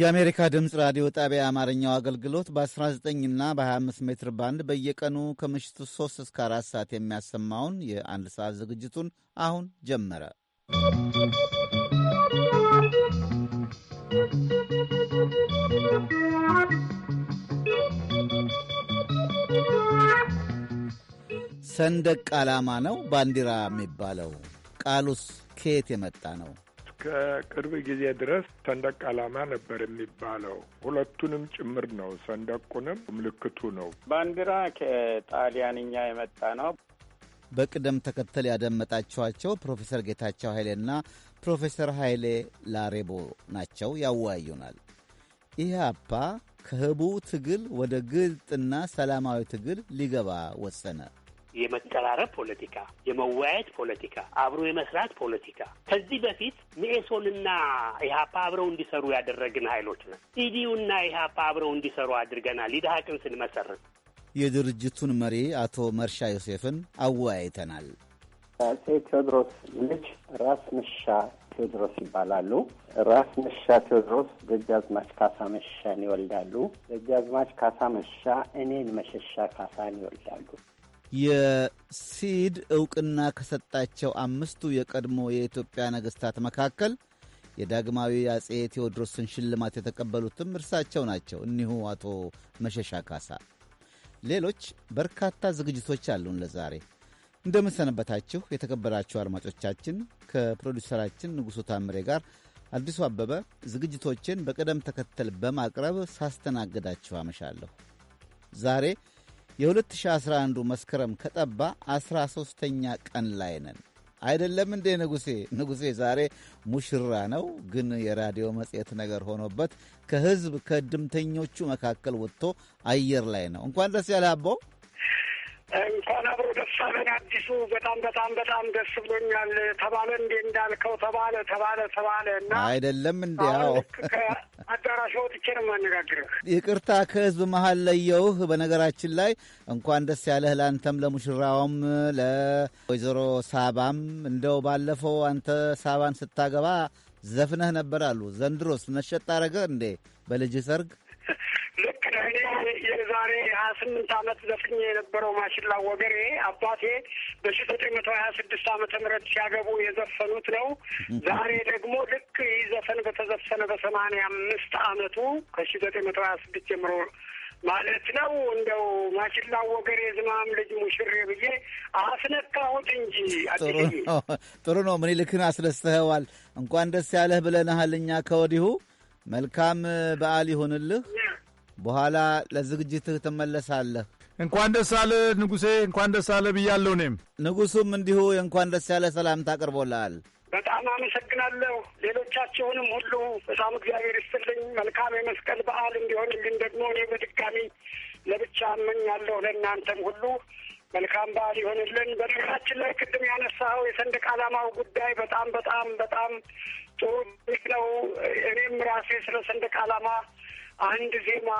የአሜሪካ ድምፅ ራዲዮ ጣቢያ የአማርኛው አገልግሎት በ19 እና በ25 ሜትር ባንድ በየቀኑ ከምሽቱ 3 እስከ 4 ሰዓት የሚያሰማውን የአንድ ሰዓት ዝግጅቱን አሁን ጀመረ። ሰንደቅ ዓላማ ነው ባንዲራ የሚባለው። ቃሉስ ከየት የመጣ ነው? ከቅርብ ጊዜ ድረስ ሰንደቅ ዓላማ ነበር የሚባለው። ሁለቱንም ጭምር ነው፣ ሰንደቁንም ምልክቱ ነው። ባንዲራ ከጣሊያንኛ የመጣ ነው። በቅደም ተከተል ያደመጣችኋቸው ፕሮፌሰር ጌታቸው ኃይሌና ፕሮፌሰር ኃይሌ ላሬቦ ናቸው። ያወያዩናል። ኢህአፓ ከህቡ ትግል ወደ ግልጥና ሰላማዊ ትግል ሊገባ ወሰነ። የመቀራረብ ፖለቲካ፣ የመወያየት ፖለቲካ፣ አብሮ የመስራት ፖለቲካ ከዚህ በፊት ሚኤሶንና ኢህአፓ አብረው እንዲሰሩ ያደረግን ኃይሎች ነን። ኢዲዩና ኢህአፓ አብረው እንዲሰሩ አድርገናል። ይድሃቅን ስንመሰርት የድርጅቱን መሪ አቶ መርሻ ዮሴፍን አወያይተናል። አፄ ቴዎድሮስ ልጅ ራስ መሻ ቴዎድሮስ ይባላሉ። ራስ መሻ ቴዎድሮስ ደጃዝማች ካሳ መሻን ይወልዳሉ። ደጃዝማች ካሳ መሻ እኔን መሸሻ ካሳን ይወልዳሉ። የሲድ ዕውቅና ከሰጣቸው አምስቱ የቀድሞ የኢትዮጵያ ነገሥታት መካከል የዳግማዊ አጼ ቴዎድሮስን ሽልማት የተቀበሉትም እርሳቸው ናቸው፣ እኒሁ አቶ መሸሻ ካሳ። ሌሎች በርካታ ዝግጅቶች አሉን ለዛሬ። እንደምንሰነበታችሁ የተከበራችሁ አድማጮቻችን፣ ከፕሮዲውሰራችን ንጉሡ ታምሬ ጋር አዲሱ አበበ ዝግጅቶችን በቅደም ተከተል በማቅረብ ሳስተናግዳችሁ አመሻለሁ ዛሬ የ2011 መስከረም ከጠባ 13ኛ ቀን ላይ ነን። አይደለም እንዴ ንጉሴ? ንጉሴ ዛሬ ሙሽራ ነው፣ ግን የራዲዮ መጽሔት ነገር ሆኖበት ከሕዝብ ከድምተኞቹ መካከል ወጥቶ አየር ላይ ነው። እንኳን ደስ ያለ አቦ። እንኳን አብሮ ደስ አለን አዲሱ። በጣም በጣም በጣም ደስ ብሎኛል። ተባለ እንዴ እንዳልከው ተባለ ተባለ ተባለ እና አይደለም እንዲ ው ከአዳራሽ ወጥቼ ነው የማነጋግርህ። ይቅርታ ከህዝብ መሀል ለየውህ። በነገራችን ላይ እንኳን ደስ ያለህ ለአንተም፣ ለሙሽራውም፣ ለወይዘሮ ሳባም። እንደው ባለፈው አንተ ሳባን ስታገባ ዘፍነህ ነበር አሉ። ዘንድሮስ ነሸጥ አረገ እንዴ በልጅ ሰርግ? እኔ የዛሬ ሀያ ስምንት አመት ዘፍኝ የነበረው ማሽላ ወገሬ አባቴ በሺ ዘጠኝ መቶ ሀያ ስድስት አመተ ምህረት ሲያገቡ የዘፈኑት ነው። ዛሬ ደግሞ ልክ ይህ ዘፈን በተዘፈነ በሰማንያ አምስት አመቱ ከሺ ዘጠኝ መቶ ሀያ ስድስት ጀምሮ ማለት ነው። እንደው ማሽላ ወገሬ ዝማም ልጅ ሙሽሬ ብዬ አስነካሁት እንጂ ጥሩ ነው። ይልክን አስደስተኸዋል። እንኳን ደስ ያለህ ብለንሃል እኛ ከወዲሁ መልካም በዓል ይሁንልህ። በኋላ ለዝግጅትህ ትመለሳለህ። እንኳን ደስ አለ ንጉሴ፣ እንኳን ደስ አለ ብያለሁ። እኔም ንጉሱም እንዲሁ የእንኳን ደስ ያለ ሰላምታ አቅርቦልሃል። በጣም አመሰግናለሁ። ሌሎቻችሁንም ሁሉ በጣም እግዚአብሔር ይስጥልኝ። መልካም የመስቀል በዓል እንዲሆንልን ደግሞ እኔ በድጋሚ ለብቻ እመኛለሁ። ለእናንተም ሁሉ መልካም በዓል ይሆንልን። በነገራችን ላይ ቅድም ያነሳኸው የሰንደቅ ዓላማው ጉዳይ በጣም በጣም በጣም ጥሩ ነው። እኔም ራሴ ስለ ሰንደቅ ዓላማ አንድ ዜማ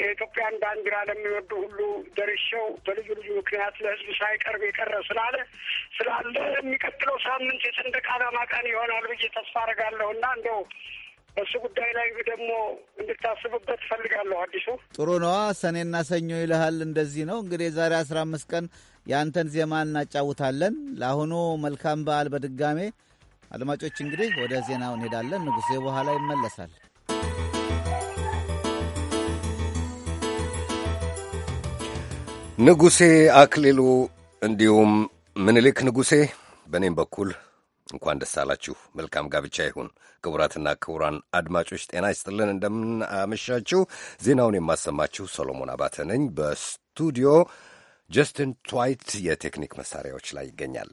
የኢትዮጵያን ባንዲራ ለሚወዱ ሁሉ ደርሸው በልዩ ልዩ ምክንያት ለሕዝብ ሳይቀርብ የቀረ ስላለ ስላለ የሚቀጥለው ሳምንት የሰንደቅ ዓላማ ቀን ይሆናል ብዬ ተስፋ አደርጋለሁ እና እንደው በሱ ጉዳይ ላይ ደግሞ እንድታስብበት ፈልጋለሁ። አዲሱ ጥሩ ነዋ። ሰኔና ሰኞ ይልሃል። እንደዚህ ነው እንግዲህ የዛሬ አስራ አምስት ቀን የአንተን ዜማ እናጫውታለን። ለአሁኑ መልካም በዓል በድጋሜ አድማጮች። እንግዲህ ወደ ዜናው እንሄዳለን። ንጉሴ በኋላ ይመለሳል። ንጉሴ አክሊሉ እንዲሁም ምንልክ ንጉሴ በእኔም በኩል እንኳን ደስ አላችሁ። መልካም ጋብቻ ይሁን። ክቡራትና ክቡራን አድማጮች ጤና ይስጥልን፣ እንደምን አመሻችሁ። ዜናውን የማሰማችሁ ሰሎሞን አባተ ነኝ። በስቱዲዮ ጀስትን ትዋይት የቴክኒክ መሳሪያዎች ላይ ይገኛል።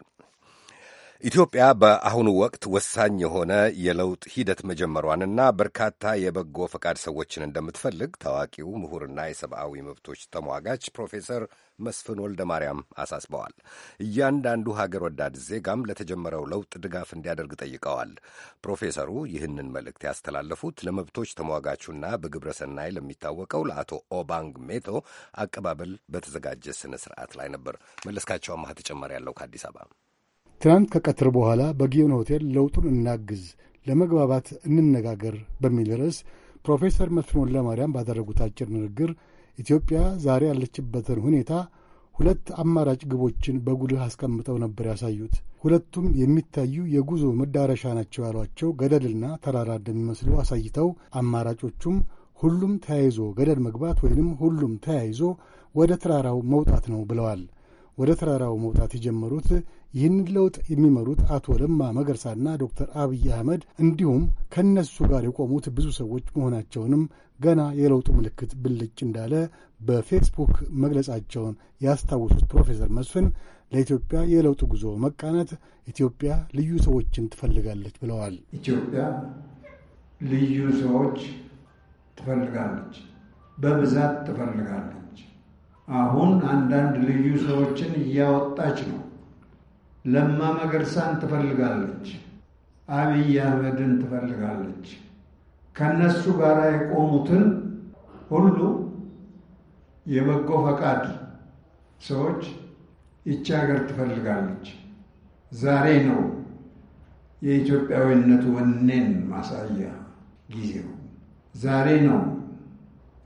ኢትዮጵያ በአሁኑ ወቅት ወሳኝ የሆነ የለውጥ ሂደት መጀመሯንና በርካታ የበጎ ፈቃድ ሰዎችን እንደምትፈልግ ታዋቂው ምሁርና የሰብአዊ መብቶች ተሟጋች ፕሮፌሰር መስፍን ወልደ ማርያም አሳስበዋል። እያንዳንዱ ሀገር ወዳድ ዜጋም ለተጀመረው ለውጥ ድጋፍ እንዲያደርግ ጠይቀዋል። ፕሮፌሰሩ ይህንን መልእክት ያስተላለፉት ለመብቶች ተሟጋቹና በግብረ ሰናይ ለሚታወቀው ለአቶ ኦባንግ ሜቶ አቀባበል በተዘጋጀ ስነ ስርዓት ላይ ነበር። መለስካቸው አማህ ተጨማሪ ያለው ከአዲስ አበባ ትናንት ከቀትር በኋላ በጊዮን ሆቴል ለውጡን እናግዝ፣ ለመግባባት እንነጋገር በሚል ርዕስ ፕሮፌሰር መስፍን ለማርያም ባደረጉት አጭር ንግግር ኢትዮጵያ ዛሬ ያለችበትን ሁኔታ ሁለት አማራጭ ግቦችን በጉልህ አስቀምጠው ነበር ያሳዩት። ሁለቱም የሚታዩ የጉዞ መዳረሻ ናቸው ያሏቸው ገደልና ተራራ እንደሚመስሉ አሳይተው አማራጮቹም ሁሉም ተያይዞ ገደል መግባት ወይንም ሁሉም ተያይዞ ወደ ተራራው መውጣት ነው ብለዋል። ወደ ተራራው መውጣት የጀመሩት ይህንን ለውጥ የሚመሩት አቶ ለማ መገርሳና ዶክተር አብይ አህመድ እንዲሁም ከእነሱ ጋር የቆሙት ብዙ ሰዎች መሆናቸውንም ገና የለውጡ ምልክት ብልጭ እንዳለ በፌስቡክ መግለጻቸውን ያስታወሱት ፕሮፌሰር መስፍን ለኢትዮጵያ የለውጥ ጉዞ መቃናት ኢትዮጵያ ልዩ ሰዎችን ትፈልጋለች ብለዋል። ኢትዮጵያ ልዩ ሰዎች ትፈልጋለች፣ በብዛት ትፈልጋለች። አሁን አንዳንድ ልዩ ሰዎችን እያወጣች ነው። ለማ መገርሳን ትፈልጋለች፣ አብይ አህመድን ትፈልጋለች። ከነሱ ጋር የቆሙትን ሁሉ የበጎ ፈቃድ ሰዎች ይቺ ሀገር ትፈልጋለች። ዛሬ ነው የኢትዮጵያዊነት ወኔን ማሳያ ጊዜው። ዛሬ ነው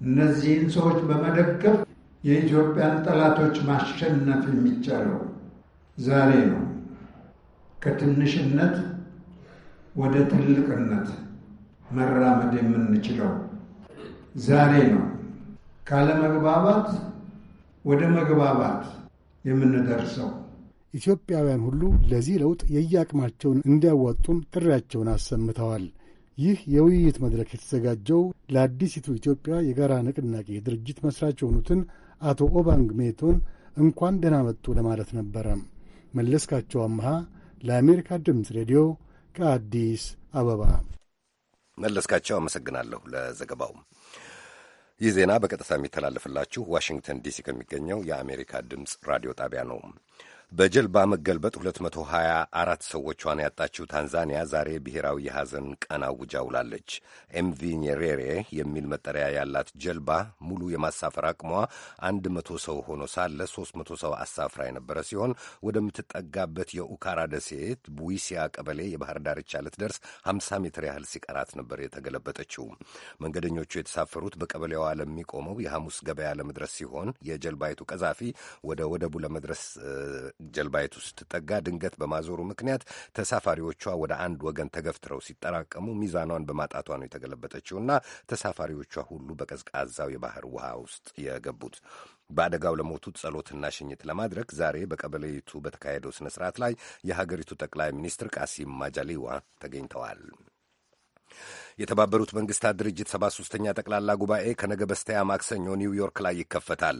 እነዚህን ሰዎች በመደገፍ የኢትዮጵያን ጠላቶች ማሸነፍ የሚቻለው ዛሬ ነው። ከትንሽነት ወደ ትልቅነት መራመድ የምንችለው ዛሬ ነው። ካለመግባባት ወደ መግባባት የምንደርሰው ኢትዮጵያውያን ሁሉ ለዚህ ለውጥ የየአቅማቸውን እንዲያዋጡም ጥሪያቸውን አሰምተዋል። ይህ የውይይት መድረክ የተዘጋጀው ለአዲሲቱ ኢትዮጵያ የጋራ ንቅናቄ ድርጅት መስራች የሆኑትን አቶ ኦባንግ ሜቶን እንኳን ደህና መጡ ለማለት ነበረ። መለስካቸው አምሃ ለአሜሪካ ድምፅ ሬዲዮ ከአዲስ አበባ መለስካቸው፣ አመሰግናለሁ ለዘገባው። ይህ ዜና በቀጥታ የሚተላለፍላችሁ ዋሽንግተን ዲሲ ከሚገኘው የአሜሪካ ድምፅ ራዲዮ ጣቢያ ነው። በጀልባ መገልበጥ 224 ሰዎቿን ያጣችው ታንዛኒያ ዛሬ ብሔራዊ የሐዘን ቀን አውጃ ውላለች። ኤምቪ ኔሬሬ የሚል መጠሪያ ያላት ጀልባ ሙሉ የማሳፈር አቅሟ 100 ሰው ሆኖ ሳለ 300 ሰው አሳፍራ የነበረ ሲሆን ወደምትጠጋበት የኡካራ ደሴት ቡዊሲያ ቀበሌ የባህር ዳርቻ ልትደርስ 50 ሜትር ያህል ሲቀራት ነበር የተገለበጠችው። መንገደኞቹ የተሳፈሩት በቀበሌዋ ለሚቆመው የሐሙስ ገበያ ለመድረስ ሲሆን የጀልባይቱ ቀዛፊ ወደ ወደቡ ለመድረስ ጀልባይቱ ስትጠጋ ድንገት በማዞሩ ምክንያት ተሳፋሪዎቿ ወደ አንድ ወገን ተገፍትረው ሲጠራቀሙ ሚዛኗን በማጣቷ ነው የተገለበጠችውና ተሳፋሪዎቿ ሁሉ በቀዝቃዛው የባህር ውሃ ውስጥ የገቡት። በአደጋው ለሞቱት ጸሎትና ሽኝት ለማድረግ ዛሬ በቀበሌይቱ በተካሄደው ስነ ስርዓት ላይ የሀገሪቱ ጠቅላይ ሚኒስትር ቃሲም ማጃሌዋ ተገኝተዋል። የተባበሩት መንግስታት ድርጅት ሰባ ሶስተኛ ጠቅላላ ጉባኤ ከነገ በስተያ ማክሰኞ ኒውዮርክ ላይ ይከፈታል።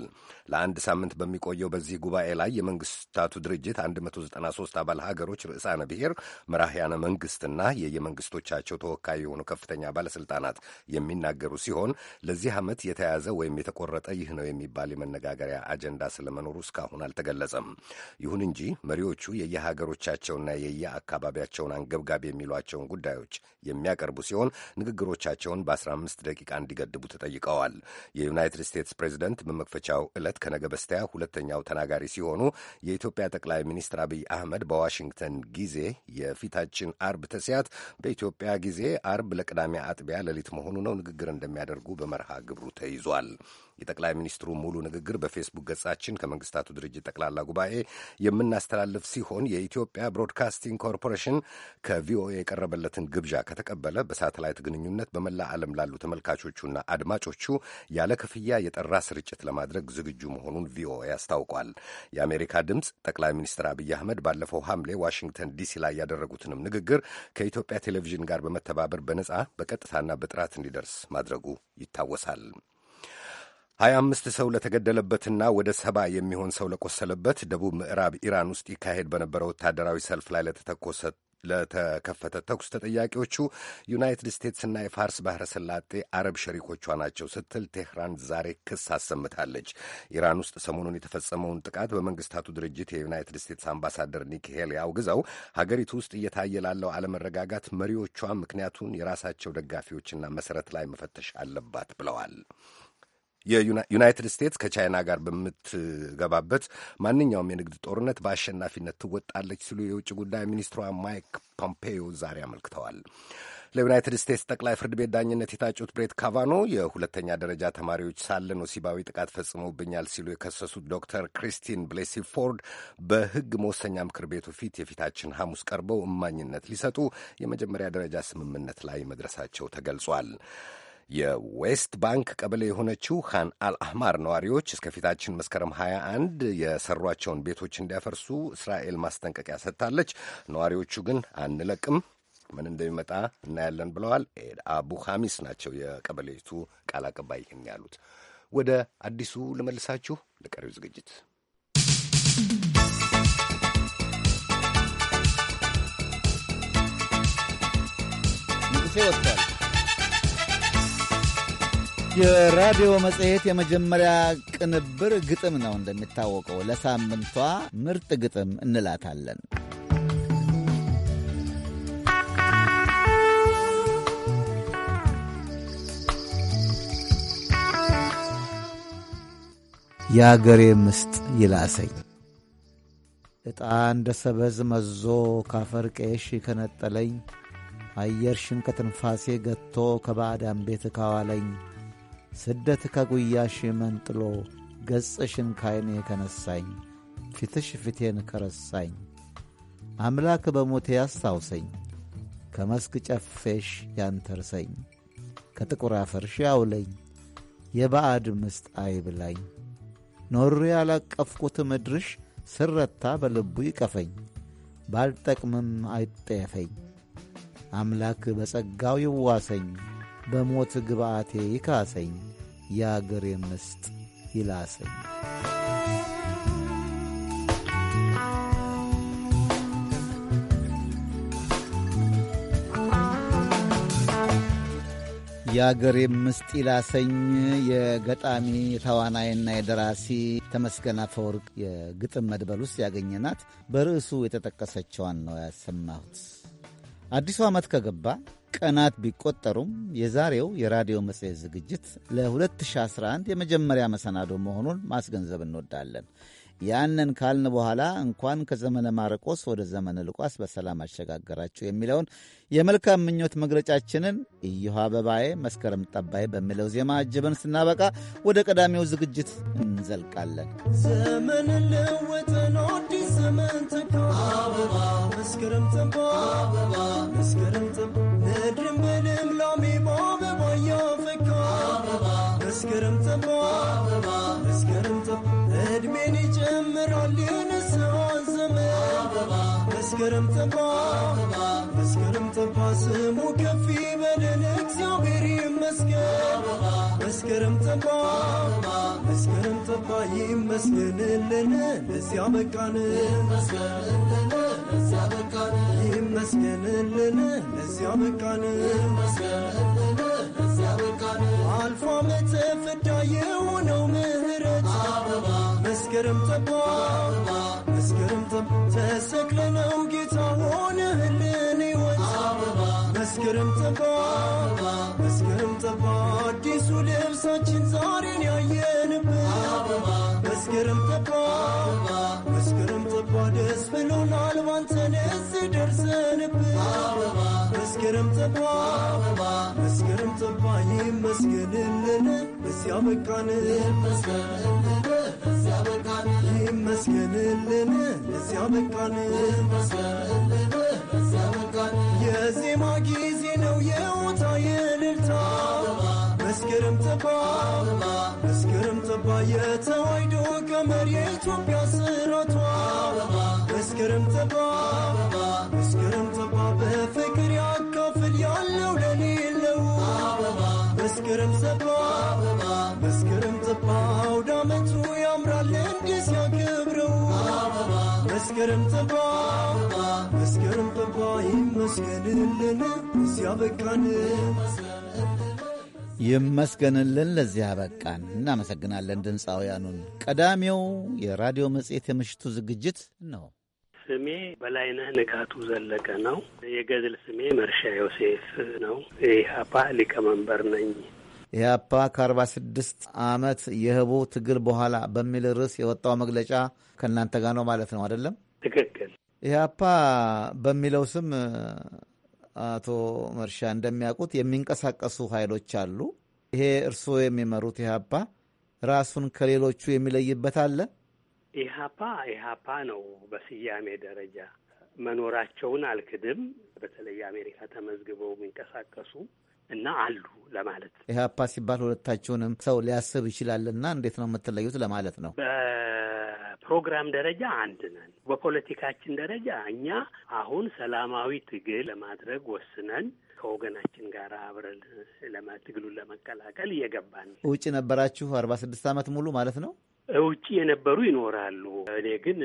ለአንድ ሳምንት በሚቆየው በዚህ ጉባኤ ላይ የመንግስታቱ ድርጅት 193 አባል ሀገሮች ርዕሳነ ብሔር፣ መራህያነ መንግስትና የየመንግስቶቻቸው ተወካይ የሆኑ ከፍተኛ ባለስልጣናት የሚናገሩ ሲሆን ለዚህ ዓመት የተያዘ ወይም የተቆረጠ ይህ ነው የሚባል የመነጋገሪያ አጀንዳ ስለመኖሩ እስካሁን አልተገለጸም። ይሁን እንጂ መሪዎቹ የየሀገሮቻቸውና የየአካባቢያቸውን አንገብጋቢ የሚሏቸውን ጉዳዮች የሚያቀርቡ ሲሆን ንግግሮቻቸውን በ15 ደቂቃ እንዲገድቡ ተጠይቀዋል። የዩናይትድ ስቴትስ ፕሬዚደንት በመክፈቻው ዕለት ከነገ በስቲያ ሁለተኛው ተናጋሪ ሲሆኑ የኢትዮጵያ ጠቅላይ ሚኒስትር አብይ አህመድ በዋሽንግተን ጊዜ የፊታችን አርብ ተስያት በኢትዮጵያ ጊዜ አርብ ለቅዳሜ አጥቢያ ሌሊት መሆኑ ነው ንግግር እንደሚያደርጉ በመርሃ ግብሩ ተይዟል። የጠቅላይ ሚኒስትሩ ሙሉ ንግግር በፌስቡክ ገጻችን ከመንግስታቱ ድርጅት ጠቅላላ ጉባኤ የምናስተላልፍ ሲሆን የኢትዮጵያ ብሮድካስቲንግ ኮርፖሬሽን ከቪኦኤ የቀረበለትን ግብዣ ከተቀበለ በሳተላይት ግንኙነት በመላ ዓለም ላሉ ተመልካቾቹና አድማጮቹ ያለ ክፍያ የጠራ ስርጭት ለማድረግ ዝግጁ መሆኑን ቪኦኤ አስታውቋል። የአሜሪካ ድምፅ ጠቅላይ ሚኒስትር አብይ አህመድ ባለፈው ሐምሌ ዋሽንግተን ዲሲ ላይ ያደረጉትንም ንግግር ከኢትዮጵያ ቴሌቪዥን ጋር በመተባበር በነጻ በቀጥታና በጥራት እንዲደርስ ማድረጉ ይታወሳል። ሀያ አምስት ሰው ለተገደለበትና ወደ ሰባ የሚሆን ሰው ለቆሰለበት ደቡብ ምዕራብ ኢራን ውስጥ ይካሄድ በነበረው ወታደራዊ ሰልፍ ላይ ለተተኮሰ ለተከፈተ ተኩስ ተጠያቂዎቹ ዩናይትድ ስቴትስና የፋርስ ባህረ ሰላጤ አረብ ሸሪኮቿ ናቸው ስትል ቴህራን ዛሬ ክስ አሰምታለች። ኢራን ውስጥ ሰሞኑን የተፈጸመውን ጥቃት በመንግስታቱ ድርጅት የዩናይትድ ስቴትስ አምባሳደር ኒክ ሄሊ አውግዘው ሀገሪቱ ውስጥ እየታየ ላለው አለመረጋጋት መሪዎቿ ምክንያቱን የራሳቸው ደጋፊዎችና መሰረት ላይ መፈተሽ አለባት ብለዋል። የዩናይትድ ስቴትስ ከቻይና ጋር በምትገባበት ማንኛውም የንግድ ጦርነት በአሸናፊነት ትወጣለች ሲሉ የውጭ ጉዳይ ሚኒስትሯ ማይክ ፖምፔዮ ዛሬ አመልክተዋል። ለዩናይትድ ስቴትስ ጠቅላይ ፍርድ ቤት ዳኝነት የታጩት ብሬት ካቫኖ የሁለተኛ ደረጃ ተማሪዎች ሳለ ወሲባዊ ጥቃት ፈጽመውብኛል ሲሉ የከሰሱት ዶክተር ክሪስቲን ብሌሲ ፎርድ በሕግ መወሰኛ ምክር ቤቱ ፊት የፊታችን ሐሙስ ቀርበው እማኝነት ሊሰጡ የመጀመሪያ ደረጃ ስምምነት ላይ መድረሳቸው ተገልጿል። የዌስት ባንክ ቀበሌ የሆነችው ካን አልአህማር ነዋሪዎች እስከፊታችን መስከረም 21 የሰሯቸውን ቤቶች እንዲያፈርሱ እስራኤል ማስጠንቀቂያ ሰጥታለች። ነዋሪዎቹ ግን አንለቅም፣ ምን እንደሚመጣ እናያለን ብለዋል። ኤድ አቡ ሐሚስ ናቸው የቀበሌቱ ቃል አቀባይ ይህን ያሉት። ወደ አዲሱ ልመልሳችሁ ለቀሪው ዝግጅት ወጥቷል። የራዲዮ መጽሔት የመጀመሪያ ቅንብር ግጥም ነው። እንደሚታወቀው ለሳምንቷ ምርጥ ግጥም እንላታለን። የአገሬ ምስጥ ይላሰኝ ዕጣ እንደ ሰበዝ መዞ ካፈር ቄሽ ከነጠለኝ አየርሽን ከትንፋሴ ገጥቶ ከባዕዳም ቤት ካዋለኝ ስደት ከጉያሽ መንጥሎ ገጽሽን ካይኔ ከነሳኝ ፊትሽ ፊቴን ከረሳኝ አምላክ በሞቴ ያስታውሰኝ ከመስክ ጨፌሽ ያንተርሰኝ ከጥቁር አፈርሽ ያውለኝ የባዕድ ምስጥ አይብላኝ ኖሬ ያላቀፍኩት ምድርሽ ስረታ በልቡ ይቀፈኝ ባልጠቅምም አይጠየፈኝ አምላክ በጸጋው ይዋሰኝ በሞት ግብአቴ ይካሰኝ የአገር ምስጥ ይላሰኝ የአገሬ ምስጥ ይላሰኝ የገጣሚ የተዋናይና የደራሲ ተመስገን አፈወርቅ የግጥም መድበል ውስጥ ያገኘናት በርዕሱ የተጠቀሰችዋን ነው ያሰማሁት። አዲሱ ዓመት ከገባ ቀናት ቢቆጠሩም የዛሬው የራዲዮ መጽሔት ዝግጅት ለ2011 የመጀመሪያ መሰናዶ መሆኑን ማስገንዘብ እንወዳለን። ያንን ካልን በኋላ እንኳን ከዘመነ ማርቆስ ወደ ዘመነ ልቋስ በሰላም አሸጋገራችሁ የሚለውን የመልካም ምኞት መግለጫችንን እዮሃ አበባዬ መስከረም ጠባዬ በሚለው ዜማ አጅበን ስናበቃ ወደ ቀዳሚው ዝግጅት እንዘልቃለን። ዘመን ለወጠን አዲስ ዘመን አበባ መስከረም ጠባ አበባ መስከረም ጠባ ምድርም ምንም ሎሚቦ በቦዮ ፍካ እስክርም ጽቦ እስክርም ስሙ ከፍ ይበልን እግዚአብሔር ይመስገን መስከረም ይመስገንልን ለዚያ በቃን ለዚያ ለዚያ በቃን አልፎ ዓመት ፍዳ የሆነው ምህረት መስከረም ጠባ መስከረም ጠባ ተሰቅለነው ጌታ ሆነህልን መስክርም ጥባ መስክርም ጥባ አዲሱ ልብሳችን ዛሬን ያየንበት መስክርም ጥባ መስክርም ጥባ ደስ ብሎናል ባንተን እዚህ ደርሰንበት መስክርም ጥባ መስክርም ጥባ ይመስገንልን እስያበቃን ይመስገንልን እስያበቃን የዜማ ጊዜ ነው የውታ የልልታ መስከረም ጠባ መስከረም ጠባ የተዋሕዶ ቀመር የኢትዮጵያ ስራቷ መስከረም ጠባ መስከረም ጠባ በፍቅር ያካፍል ያለው ለሌለው መስከረም ጠባ መስከረም ጠባ አውዳመቱ ያምራልን መስገርም ጥቦ መስገርም ጥቦ ይመስገንልን ሲያበቃን ይመስገንልን ለዚህ አበቃን። እናመሰግናለን ድምፃውያኑን። ቀዳሚው የራዲዮ መጽሔት የምሽቱ ዝግጅት ነው። ስሜ በላይነህ ንጋቱ ዘለቀ ነው። የገድል ስሜ መርሻ ዮሴፍ ነው። የኢህአፓ ሊቀመንበር ነኝ። ኢህአፓ ከአርባ ስድስት ዓመት የህቡ ትግል በኋላ በሚል ርዕስ የወጣው መግለጫ ከእናንተ ጋር ነው ማለት ነው አይደለም? ትክክል። ኢህአፓ በሚለው ስም አቶ መርሻ እንደሚያውቁት የሚንቀሳቀሱ ኃይሎች አሉ። ይሄ እርስዎ የሚመሩት ኢህአፓ ራሱን ከሌሎቹ የሚለይበት አለ? ኢህአፓ ኢህአፓ ነው በስያሜ ደረጃ መኖራቸውን አልክድም። በተለይ አሜሪካ ተመዝግበው የሚንቀሳቀሱ እና አሉ ለማለት ኢህአፓ ሲባል ሁለታችሁንም ሰው ሊያስብ ይችላልና እንዴት ነው የምትለዩት ለማለት ነው። በፕሮግራም ደረጃ አንድ ነን። በፖለቲካችን ደረጃ እኛ አሁን ሰላማዊ ትግል ለማድረግ ወስነን ከወገናችን ጋር አብረን ትግሉን ለመቀላቀል እየገባን። ውጭ ነበራችሁ አርባ ስድስት ዓመት ሙሉ ማለት ነው ውጭ የነበሩ ይኖራሉ። እኔ ግን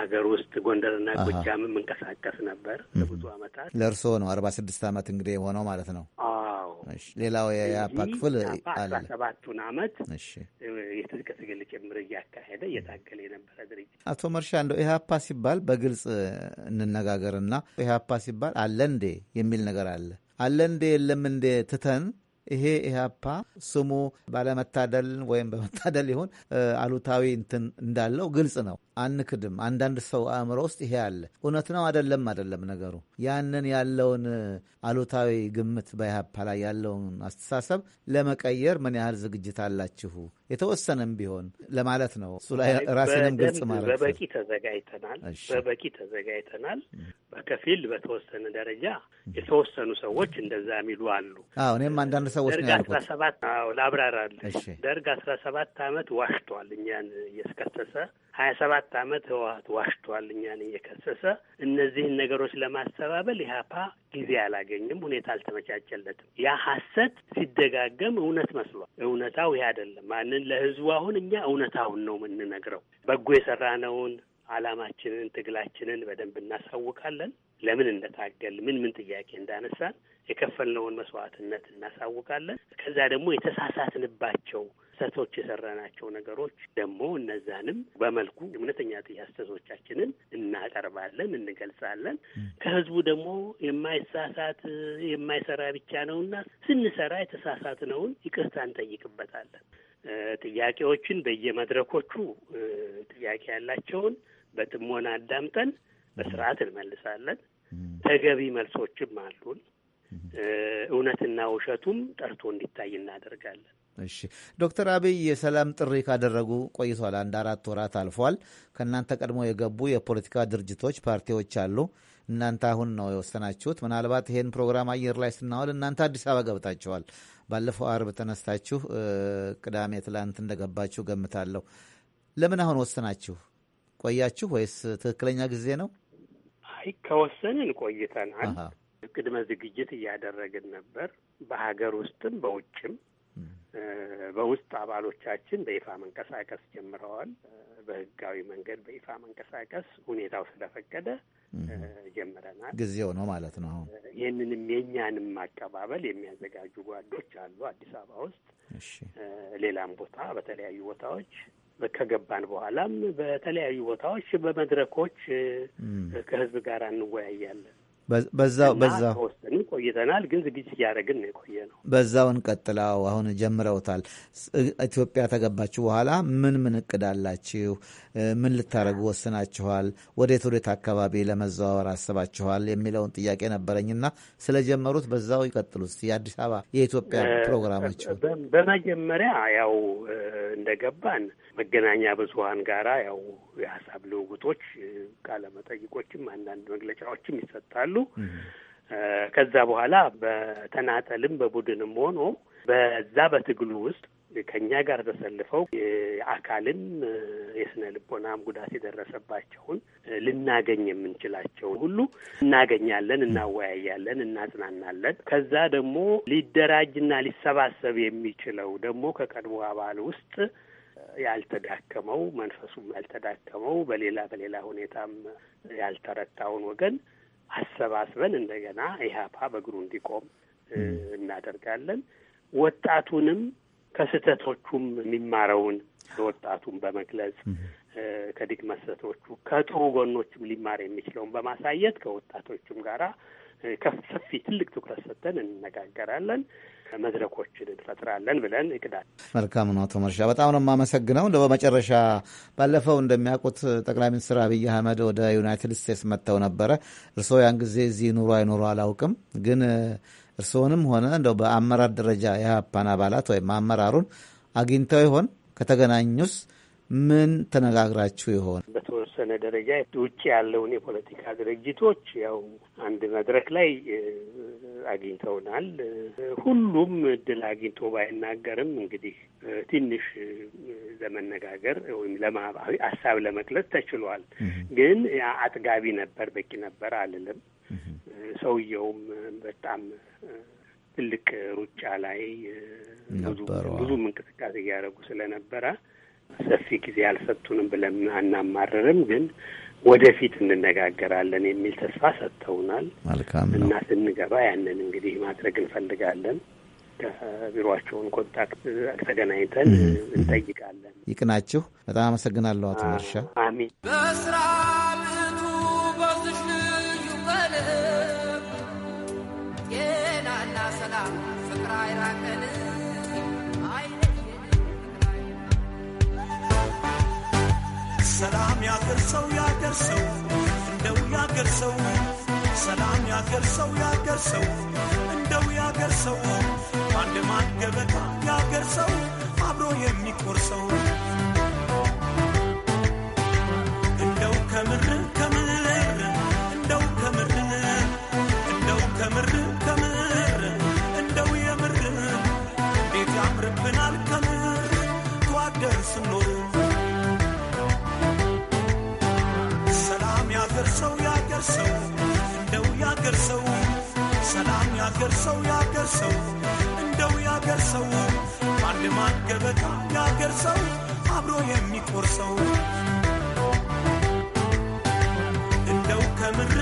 ሀገር ውስጥ ጎንደርና ጎጃምም እንቀሳቀስ ነበር ለብዙ አመታት። ለእርስዎ ነው አርባ ስድስት አመት እንግዲህ የሆነው ማለት ነው? አዎ። ሌላው የአፓ ክፍል አስራ ሰባቱን አመት የትጥቅ ትግል ጭምር እያካሄደ እየታገለ የነበረ ድርጅት። አቶ መርሻ እንደው ኢህአፓ ሲባል በግልጽ እንነጋገርና ኢህአፓ ሲባል አለ እንዴ የሚል ነገር አለ አለ እንዴ የለም እንዴ ትተን ይሄ ኢህአፓ ስሙ ባለመታደል ወይም በመታደል ይሁን አሉታዊ እንትን እንዳለው ግልጽ ነው፣ አንክድም። አንዳንድ ሰው አእምሮ ውስጥ ይሄ አለ። እውነት ነው አደለም፣ አደለም ነገሩ። ያንን ያለውን አሉታዊ ግምት በኢህአፓ ላይ ያለውን አስተሳሰብ ለመቀየር ምን ያህል ዝግጅት አላችሁ? የተወሰነም ቢሆን ለማለት ነው። እሱ ላይ ራሴንም ግልጽ ማለት በበቂ ተዘጋጅተናል፣ በበቂ ተዘጋጅተናል። በከፊል በተወሰነ ደረጃ የተወሰኑ ሰዎች እንደዛ የሚሉ አሉ። እኔም አንዳንድ ሰዎች ደርግ አስራ ሰባት ላብራራለሁ። ደርግ አስራ ሰባት አመት ዋሽቷል እኛን እየስከሰሰ ሀያ ሰባት አመት ህወሀት ዋሽቷል እኛን እየከሰሰ እነዚህን ነገሮች ለማስተባበል ኢህአፓ ጊዜ አላገኝም፣ ሁኔታ አልተመቻቸለትም። ያ ሀሰት ሲደጋገም እውነት መስሏል። እውነታው ይህ አይደለም። ማንን ለህዝቡ አሁን እኛ እውነታውን ነው የምንነግረው በጎ የሰራነውን አላማችንን ትግላችንን በደንብ እናሳውቃለን። ለምን እንደታገል፣ ምን ምን ጥያቄ እንዳነሳን የከፈልነውን መስዋዕትነት እናሳውቃለን። ከዛ ደግሞ የተሳሳትንባቸው ስህተቶች የሰራናቸው ነገሮች ደግሞ እነዛንም በመልኩ እውነተኛ ጥያቄ እናቀርባለን፣ እንገልጻለን። ከህዝቡ ደግሞ የማይሳሳት የማይሰራ ብቻ ነውና ስንሰራ የተሳሳትነውን ይቅርታ እንጠይቅበታለን። ጥያቄዎችን በየመድረኮቹ ጥያቄ ያላቸውን በጥሞና አዳምጠን በስርዓት እንመልሳለን። ተገቢ መልሶችም አሉን። እውነትና ውሸቱም ጠርቶ እንዲታይ እናደርጋለን። እሺ ዶክተር አብይ የሰላም ጥሪ ካደረጉ ቆይቷል። አንድ አራት ወራት አልፏል። ከእናንተ ቀድሞ የገቡ የፖለቲካ ድርጅቶች፣ ፓርቲዎች አሉ። እናንተ አሁን ነው የወሰናችሁት። ምናልባት ይሄን ፕሮግራም አየር ላይ ስናውል እናንተ አዲስ አበባ ገብታችኋል። ባለፈው አርብ ተነስታችሁ ቅዳሜ ትላንት እንደገባችሁ ገምታለሁ። ለምን አሁን ወሰናችሁ? ቆያችሁ ወይስ ትክክለኛ ጊዜ ነው? አይ ከወሰንን ቆይተናል። ቅድመ ዝግጅት እያደረግን ነበር። በሀገር ውስጥም በውጭም በውስጥ አባሎቻችን በይፋ መንቀሳቀስ ጀምረዋል። በህጋዊ መንገድ በይፋ መንቀሳቀስ ሁኔታው ስለፈቀደ ጀምረናል። ጊዜው ነው ማለት ነው። አሁን ይህንንም የእኛንም አቀባበል የሚያዘጋጁ ጓዶች አሉ አዲስ አበባ ውስጥ፣ ሌላም ቦታ በተለያዩ ቦታዎች ከገባን በኋላም በተለያዩ ቦታዎች በመድረኮች ከህዝብ ጋር እንወያያለን። በዛው በዛው ተወሰኑ ቆይተናል፣ ግን ዝግጅት እያደረግን ነው የቆየ ነው። በዛው እንቀጥላው። አሁን ጀምረውታል። ኢትዮጵያ ተገባችሁ በኋላ ምን ምን እቅድ አላችሁ? ምን ልታደረጉ ወስናችኋል? ወዴት ወዴት አካባቢ ለመዘዋወር አስባችኋል? የሚለውን ጥያቄ ነበረኝና ስለጀመሩት በዛው ይቀጥሉ። የአዲስ አበባ የኢትዮጵያ ፕሮግራሞች በመጀመሪያ ያው እንደገባን መገናኛ ብዙኃን ጋራ ያው የሀሳብ ልውውጦች፣ ቃለ መጠይቆችም አንዳንድ መግለጫዎችም ይሰጣሉ። ከዛ በኋላ በተናጠልም በቡድንም ሆኖ በዛ በትግሉ ውስጥ ከኛ ጋር ተሰልፈው የአካልም የስነ ልቦናም ጉዳት የደረሰባቸውን ልናገኝ የምንችላቸውን ሁሉ እናገኛለን፣ እናወያያለን፣ እናጽናናለን። ከዛ ደግሞ ሊደራጅና ሊሰባሰብ የሚችለው ደግሞ ከቀድሞ አባል ውስጥ ያልተዳከመው መንፈሱም ያልተዳከመው በሌላ በሌላ ሁኔታም ያልተረታውን ወገን አሰባስበን እንደገና ኢህአፓ በእግሩ እንዲቆም እናደርጋለን። ወጣቱንም ከስህተቶቹም የሚማረውን ለወጣቱም በመግለጽ ከድግመ ስህተቶቹ ከጥሩ ጎኖችም ሊማር የሚችለውን በማሳየት ከወጣቶችም ጋራ ከሰፊ ትልቅ ትኩረት ሰጥተን እንነጋገራለን፣ መድረኮችን እንፈጥራለን ብለን እቅዳል። መልካም ነው። አቶ መርሻ በጣም ነው የማመሰግነው። እንደ በመጨረሻ ባለፈው እንደሚያውቁት ጠቅላይ ሚኒስትር አብይ አህመድ ወደ ዩናይትድ ስቴትስ መጥተው ነበረ። እርስዎ ያን ጊዜ እዚህ ኑሮ አይኑሮ አላውቅም፣ ግን እርስዎንም ሆነ እንደው በአመራር ደረጃ የሀፓን አባላት ወይም አመራሩን አግኝተው ይሆን? ከተገናኙስ ምን ተነጋግራችሁ ይሆን? በተወሰነ ደረጃ ውጭ ያለውን የፖለቲካ ድርጅቶች ያው አንድ መድረክ ላይ አግኝተውናል። ሁሉም እድል አግኝቶ ባይናገርም እንግዲህ ትንሽ ለመነጋገር ወይም ለማህበራዊ ሀሳብ ለመግለጽ ተችሏል። ግን አጥጋቢ ነበር፣ በቂ ነበር አልልም። ሰውየውም በጣም ትልቅ ሩጫ ላይ ብዙም እንቅስቃሴ እያደረጉ ስለነበረ ሰፊ ጊዜ አልሰጡንም ብለን አናማረርም ግን ወደፊት እንነጋገራለን የሚል ተስፋ ሰጥተውናል እና ስንገባ ያንን እንግዲህ ማድረግ እንፈልጋለን። ከቢሮቸውን ኮንታክት ተገናኝተን እንጠይቃለን። ይቅናችሁ። በጣም አመሰግናለሁ አቶ መርሻ። አሚን። ያገርሰው ያገርሰው እንደው ያገርሰው ሰላም ያገርሰው ያገርሰው እንደው ያገርሰው አንድ ማን ገበታ ያገርሰው አብሮ የሚቆርሰው እንደው ከምር ከምር እንደው ከምር እንደው ከምር ከምር እንደው የምር ቤት ያምርብናል ከምር ተዋደር ስኖር ሰው እንደው ያገር ሰው ሰላም ያገር ሰው ያገር ሰው እንደው ያገር ሰው ባልማት ገበታ ያገር ሰው አብሮ የሚቆርሰው እንደው ከምር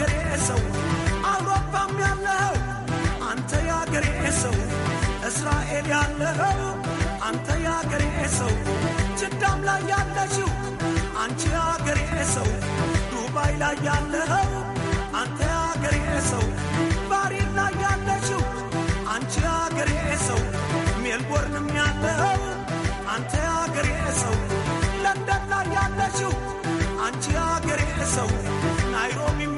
ያገሬ ሰው አውሮፓም ያለው አንተ ያገሬ ሰው እስራኤል ያለው አንተ ያገሬ ሰው ጅዳም ላይ ያለችው አንቺ ያገሬ ሰው ዱባይ ላይ ያለው አንተ ያገሬ ሰው ባሪን ላይ ያለችው አንቺ ያገሬ ሰው ሜልቦርንም ያለው አንተ ያገሬ ሰው ለንደን ላይ ያለችው አንቺ ያገሬ ሰው ናይሮቢም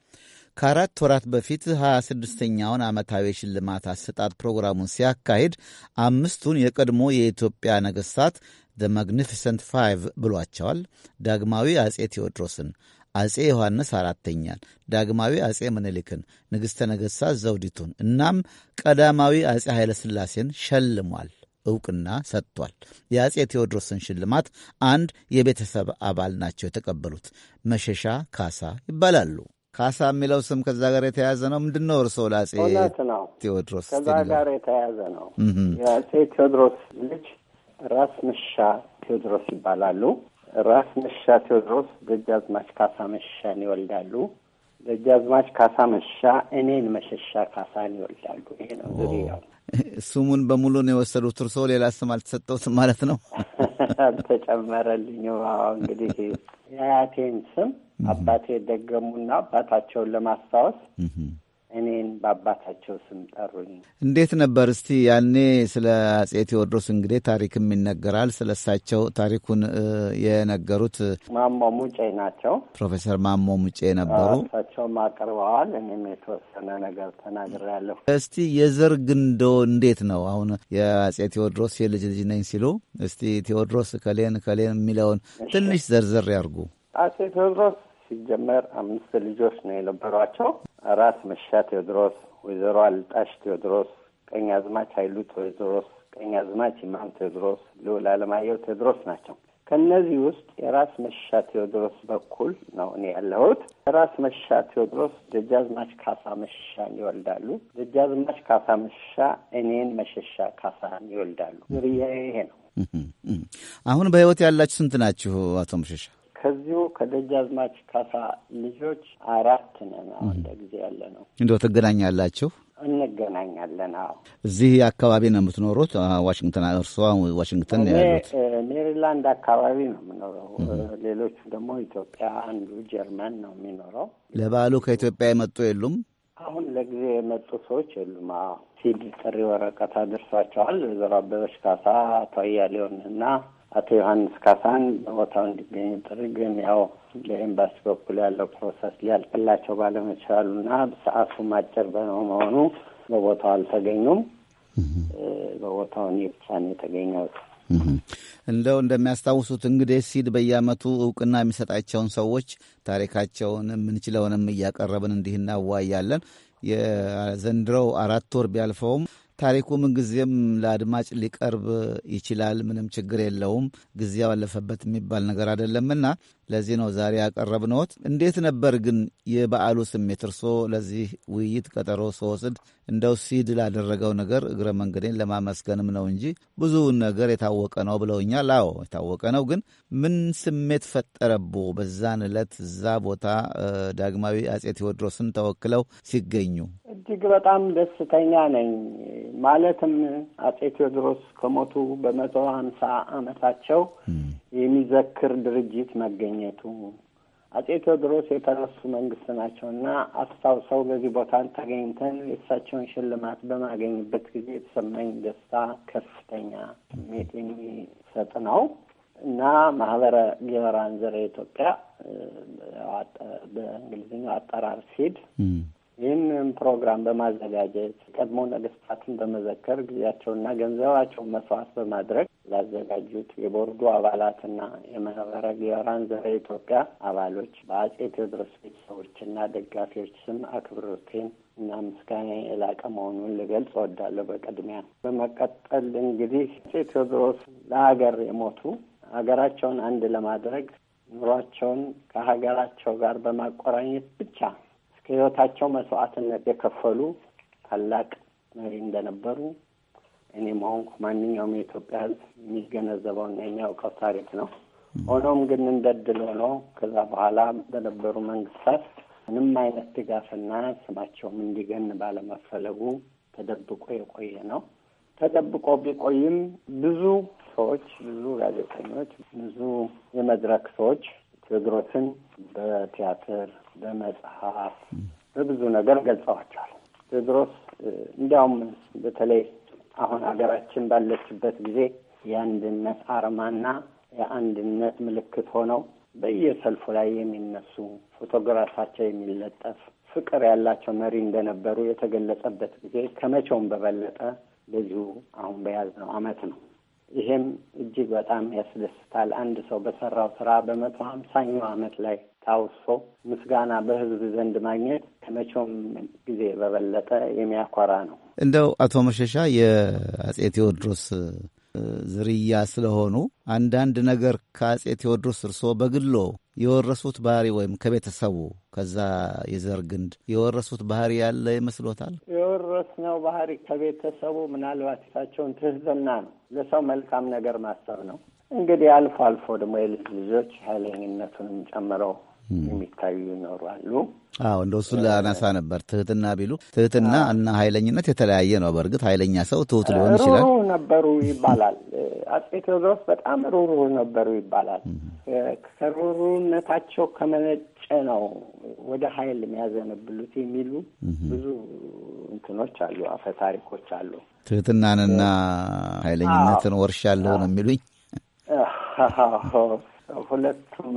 ከአራት ወራት በፊት 26ኛውን ዓመታዊ ሽልማት አሰጣጥ ፕሮግራሙን ሲያካሂድ አምስቱን የቀድሞ የኢትዮጵያ ነገሥታት ዘ ማግኒፊሰንት ፋይቭ ብሏቸዋል። ዳግማዊ አጼ ቴዎድሮስን፣ አጼ ዮሐንስ አራተኛን፣ ዳግማዊ አጼ ምኒልክን፣ ንግሥተ ነገሥታት ዘውዲቱን እናም ቀዳማዊ አጼ ኃይለ ሥላሴን ሸልሟል፣ ዕውቅና ሰጥቷል። የአጼ ቴዎድሮስን ሽልማት አንድ የቤተሰብ አባል ናቸው የተቀበሉት። መሸሻ ካሳ ይባላሉ። ካሳ የሚለው ስም ከዛ ጋር የተያያዘ ነው። ምንድን ነው እርስዎ ለአጼ ቴዎድሮስ ከዛ ጋር የተያያዘ ነው። የአጼ ቴዎድሮስ ልጅ ራስ ምሻ ቴዎድሮስ ይባላሉ። ራስ ምሻ ቴዎድሮስ ደጃዝማች ካሳ መሻን ይወልዳሉ። ደጃዝማች ካሳ መሻ እኔን መሸሻ ካሳን ይወልዳሉ። ይሄ ነው ዝርያው። ስሙን በሙሉ ነው የወሰዱት። እርሶ ሌላ ስም አልተሰጠውትም ማለት ነው? አልተጨመረልኝ። እንግዲህ የአያቴን ስም አባቴ ደገሙና አባታቸውን ለማስታወስ እኔን በአባታቸው ስም ጠሩኝ። እንዴት ነበር እስቲ ያኔ ስለ አጼ ቴዎድሮስ እንግዲህ ታሪክም ይነገራል። ስለ እሳቸው ታሪኩን የነገሩት ማሞ ሙጬ ናቸው። ፕሮፌሰር ማሞ ሙጬ ነበሩ። እሳቸውም አቅርበዋል። እኔም የተወሰነ ነገር ተናግሬያለሁ። እስቲ የዘር ግንዶ እንዴት ነው? አሁን የአጼ ቴዎድሮስ የልጅ ልጅ ነኝ ሲሉ እስቲ ቴዎድሮስ ከሌን ከሌን የሚለውን ትንሽ ዘርዘር ያርጉ። አጼ ቴዎድሮስ ሲጀመር አምስት ልጆች ነው የነበሯቸው። ራስ መሻ ቴዎድሮስ፣ ወይዘሮ አልጣሽ ቴዎድሮስ፣ ቀኝ አዝማች ኃይሉ ቴዎድሮስ፣ ቀኝ አዝማች ኢማም ቴዎድሮስ፣ ልዑል አለማየሁ ቴዎድሮስ ናቸው። ከእነዚህ ውስጥ የራስ መሻ ቴዎድሮስ በኩል ነው እኔ ያለሁት። የራስ መሻ ቴዎድሮስ ደጃዝማች ካሳ መሸሻን ይወልዳሉ። ደጃዝማች ካሳ መሸሻ እኔን መሸሻ ካሳን ይወልዳሉ። ዝርያዬ ይሄ ነው። አሁን በህይወት ያላችሁ ስንት ናችሁ አቶ መሸሻ? ከዚሁ ከደጃዝማች ካሳ ልጆች አራት ነን። አሁን ለጊዜ ያለ ነው። እንደው ትገናኛላችሁ? እንገናኛለን። አዎ። እዚህ አካባቢ ነው የምትኖሩት? ዋሽንግተን እርሷ ዋሽንግተን ነው ያሉት? ሜሪላንድ አካባቢ ነው የምኖረው። ሌሎቹ ደግሞ ኢትዮጵያ፣ አንዱ ጀርመን ነው የሚኖረው። ለበዓሉ ከኢትዮጵያ የመጡ የሉም? አሁን ለጊዜ የመጡ ሰዎች የሉም። ሲድ ጥሪ ወረቀት አድርሷቸዋል። ወይዘሮ አበበች ካሳ፣ አቶ አያሌውን እና አቶ ዮሐንስ ካሳን በቦታው እንዲገኙ ጥሪ ግን ያው ለኤምባሲ በኩል ያለው ፕሮሰስ ሊያልቅላቸው ባለመቻሉና ሰዓቱም አጭር በመሆኑ በቦታው አልተገኙም። በቦታው እኔ ብቻ ነው የተገኘሁት። እንደው እንደሚያስታውሱት እንግዲህ ሲድ በየዓመቱ እውቅና የሚሰጣቸውን ሰዎች ታሪካቸውን የምንችለውንም እያቀረብን እንዲህ እናዋያለን። የዘንድሮው አራት ወር ቢያልፈውም ታሪኩ ምንጊዜም ለአድማጭ ሊቀርብ ይችላል። ምንም ችግር የለውም። ጊዜ ያለፈበት የሚባል ነገር አይደለምና ለዚህ ነው ዛሬ ያቀረብነዎት። እንዴት ነበር ግን የበዓሉ ስሜት? እርሶ ለዚህ ውይይት ቀጠሮ ስወስድ እንደው ሲድ ላደረገው ነገር እግረ መንገዴን ለማመስገንም ነው እንጂ ብዙ ነገር የታወቀ ነው ብለውኛል። አዎ የታወቀ ነው። ግን ምን ስሜት ፈጠረቦ በዛን ዕለት እዛ ቦታ ዳግማዊ አጼ ቴዎድሮስን ተወክለው ሲገኙ እጅግ በጣም ደስተኛ ነኝ። ማለትም አጼ ቴዎድሮስ ከሞቱ በመቶ ሀምሳ አመታቸው የሚዘክር ድርጅት መገኘቱ አጼ ቴዎድሮስ የተረሱ መንግስት ናቸውና አስታውሰው በዚህ ቦታ ተገኝተን የእሳቸውን ሽልማት በማገኝበት ጊዜ የተሰማኝ ደስታ ከፍተኛ ስሜት የሚሰጥ ነው እና ማህበረ ጌበራን ዘረ ኢትዮጵያ በእንግሊዝኛው አጠራር ሲድ ይህንን ፕሮግራም በማዘጋጀት ቀድሞ ነገስታትን በመዘከር ጊዜያቸውና ገንዘባቸውን መስዋዕት በማድረግ ላዘጋጁት የቦርዱ አባላትና የማህበረ ብሔራን ዘረ ኢትዮጵያ አባሎች በአጼ ቴዎድሮስ ቤተሰቦችና ደጋፊዎች ስም አክብሮቴን እና ምስጋና የላቀ መሆኑን ልገልጽ እወዳለሁ። በቅድሚያ በመቀጠል እንግዲህ አጼ ቴዎድሮስ ለሀገር የሞቱ ሀገራቸውን አንድ ለማድረግ ኑሯቸውን ከሀገራቸው ጋር በማቆራኘት ብቻ ከህይወታቸው መስዋዕትነት የከፈሉ ታላቅ መሪ እንደነበሩ እኔ መሆንኩ ማንኛውም የኢትዮጵያ ህዝብ የሚገነዘበውና የሚያውቀው ታሪክ ነው። ሆኖም ግን እንደድል ሆኖ ከዛ በኋላ በነበሩ መንግስታት ምንም አይነት ድጋፍና ስማቸውም እንዲገን ባለመፈለጉ ተደብቆ የቆየ ነው። ተደብቆ ቢቆይም ብዙ ሰዎች፣ ብዙ ጋዜጠኞች፣ ብዙ የመድረክ ሰዎች ቴዎድሮስን በቲያትር በመጽሐፍ በብዙ ነገር ገልጸዋቸዋል። ቴዎድሮስ እንዲያውም በተለይ አሁን ሀገራችን ባለችበት ጊዜ የአንድነት አርማና የአንድነት ምልክት ሆነው በየሰልፉ ላይ የሚነሱ ፎቶግራፋቸው የሚለጠፍ ፍቅር ያላቸው መሪ እንደነበሩ የተገለጸበት ጊዜ ከመቼውም በበለጠ በዚሁ አሁን በያዝነው ዓመት ነው። ይሄም እጅግ በጣም ያስደስታል። አንድ ሰው በሰራው ስራ በመቶ ሀምሳኛው ዓመት ላይ ታውሶ ምስጋና በህዝብ ዘንድ ማግኘት ከመቼውም ጊዜ በበለጠ የሚያኮራ ነው። እንደው አቶ መሸሻ የአጼ ቴዎድሮስ ዝርያ ስለሆኑ አንዳንድ ነገር ከአጼ ቴዎድሮስ እርስዎ በግሎ የወረሱት ባህሪ ወይም ከቤተሰቡ ከዛ የዘር ግንድ የወረሱት ባህሪ ያለ ይመስሎታል? የወረስነው ባህሪ ከቤተሰቡ ምናልባት እሳቸውን ትህትና ነው፣ ለሰው መልካም ነገር ማሰብ ነው። እንግዲህ አልፎ አልፎ ደግሞ የልጅ ልጆች ኃይለኝነቱንም ጨምረው የሚታዩ ይኖራሉ። አዎ እንደ እሱ ለአናሳ ነበር ትህትና ቢሉ ትህትና እና ኃይለኝነት የተለያየ ነው። በእርግጥ ኃይለኛ ሰው ትሁት ሊሆን ይችላል። ሩሩ ነበሩ ይባላል። አፄ ቴዎድሮስ በጣም ሩሩ ነበሩ ይባላል። ከሩሩነታቸው ከመነጨ ነው ወደ ኃይል የሚያዘነብሉት የሚሉ ብዙ እንትኖች አሉ፣ አፈ ታሪኮች አሉ። ትህትናንና ኃይለኝነትን ወርሻለሁ ነው የሚሉኝ ሁለቱም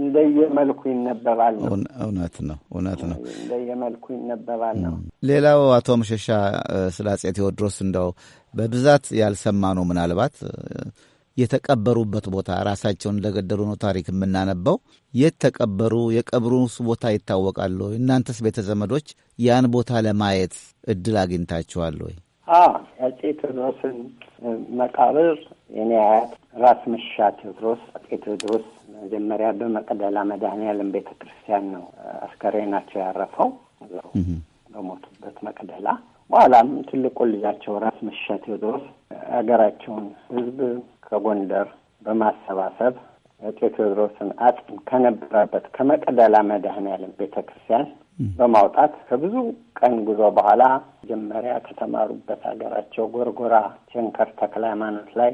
እንደየመልኩ ይነበባል ነው። እውነት ነው፣ እውነት ነው። እንደየመልኩ ይነበባል ነው። ሌላው አቶ መሸሻ ስለ አጼ ቴዎድሮስ እንደው በብዛት ያልሰማ ነው ምናልባት የተቀበሩበት ቦታ ራሳቸውን ለገደሉ ነው ታሪክ የምናነበው። የት ተቀበሩ? የቀብሩስ ቦታ ይታወቃሉ? እናንተስ ቤተዘመዶች ያን ቦታ ለማየት እድል አግኝታችኋል ወይ? አጼ ቴዎድሮስን መቃብር የኔ አያት ራስ መሻ ቴዎድሮስ አጤ ቴዎድሮስ መጀመሪያ በመቅደላ መድኃኔዓለም ቤተ ክርስቲያን ነው አስከሬናቸው ያረፈው በሞቱበት መቅደላ። በኋላም ትልቁ ልጃቸው ራስ መሻ ቴዎድሮስ ሀገራቸውን ህዝብ ከጎንደር በማሰባሰብ አጤ ቴዎድሮስን አጽም ከነበረበት ከመቅደላ መድኃኔዓለም ቤተ ክርስቲያን በማውጣት ከብዙ ቀን ጉዞ በኋላ መጀመሪያ ከተማሩበት ሀገራቸው ጎርጎራ ቸንከር ተክለ ሃይማኖት ላይ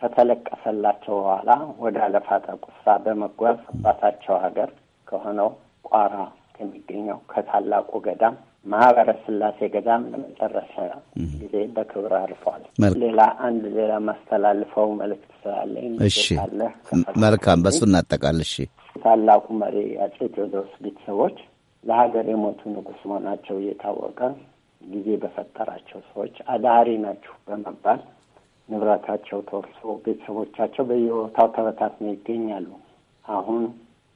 ከተለቀሰላቸው በኋላ ወደ አለፋ ቁሳ በመጓዝ አባታቸው ሀገር ከሆነው ቋራ ከሚገኘው ከታላቁ ገዳም ማህበረ ስላሴ ገዳም ለመጨረሻ ጊዜ በክብር አርፏል። ሌላ አንድ ሌላ ማስተላልፈው መልእክት ስላለኝ አለ። መልካም፣ በሱ እናጠቃል። እሺ፣ ታላቁ መሪ አፄ ቴዎድሮስ ቤተሰቦች ለሀገር የሞቱ ንጉስ መሆናቸው እየታወቀ ጊዜ በፈጠራቸው ሰዎች አዳሪ ናችሁ በመባል ንብረታቸው ተወርሶ ቤተሰቦቻቸው በየቦታው ተበታትነው ይገኛሉ። አሁን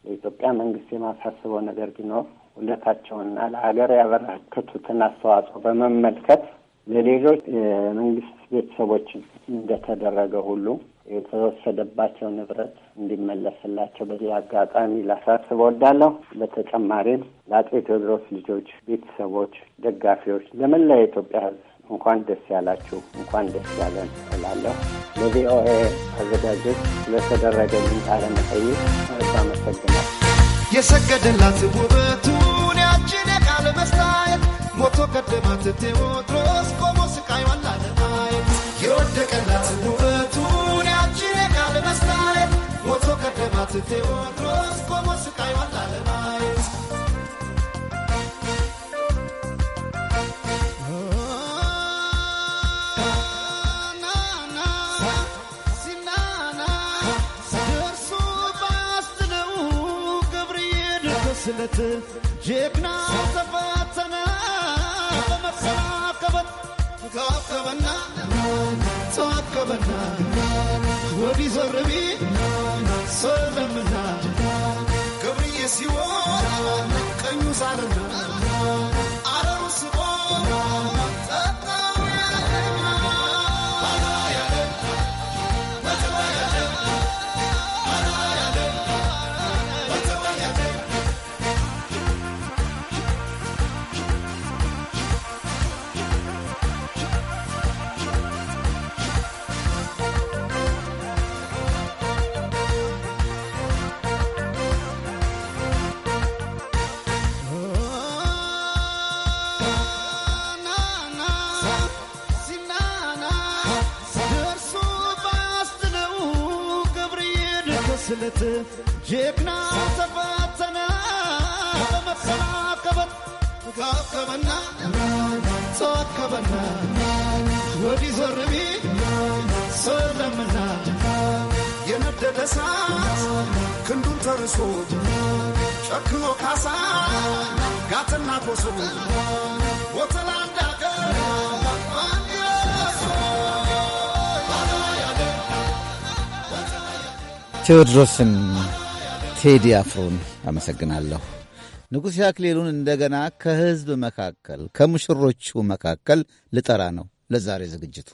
የኢትዮጵያ መንግስት የማሳስበው ነገር ቢኖር ውለታቸውና ለሀገር ያበረከቱትን አስተዋጽኦ በመመልከት ለሌሎች የመንግስት ቤተሰቦችን እንደተደረገ ሁሉ የተወሰደባቸው ንብረት እንዲመለስላቸው በዚህ አጋጣሚ ላሳስብ እወዳለሁ። በተጨማሪም ለአጼ ቴዎድሮስ ልጆች ቤተሰቦች፣ ደጋፊዎች፣ ለመላ የኢትዮጵያ ሕዝብ እንኳን ደስ ያላችሁ፣ እንኳን ደስ ያለን እላለሁ። ለቪኦኤ አዘጋጆች ስለተደረገልኝ ቃለ መጠይቅ አመሰግናለሁ። የሰገደላት ውበቱን ያችን የቃለ መስታየት ሞቶ ቀደማት ቴዎድሮስ ቆሞ ስቃይዋን ላለማየት የወደቀላት ውበቱን ያችን የቃለ መስታየት ሞቶ ቀደማት ቴዎድሮስ ቆሞ ጀግንነት ጀግና ተፈተነ በመከራከበት ተካከበና ተዋከበና ወዲ ዘርቢ ሰለምና ገብርዬ ሲወራ ቀኙ ሳርና ሰለምና የነደደ እሳት ክንዱን ተርሶ ጨክኖ ካሳ ጋትና ኮሶ ቴዎድሮስን ቴዲ አፍሮን አመሰግናለሁ። ንጉሴ አክሊሉን እንደገና ከሕዝብ መካከል ከሙሽሮቹ መካከል ልጠራ ነው ለዛሬ ዝግጅቱ።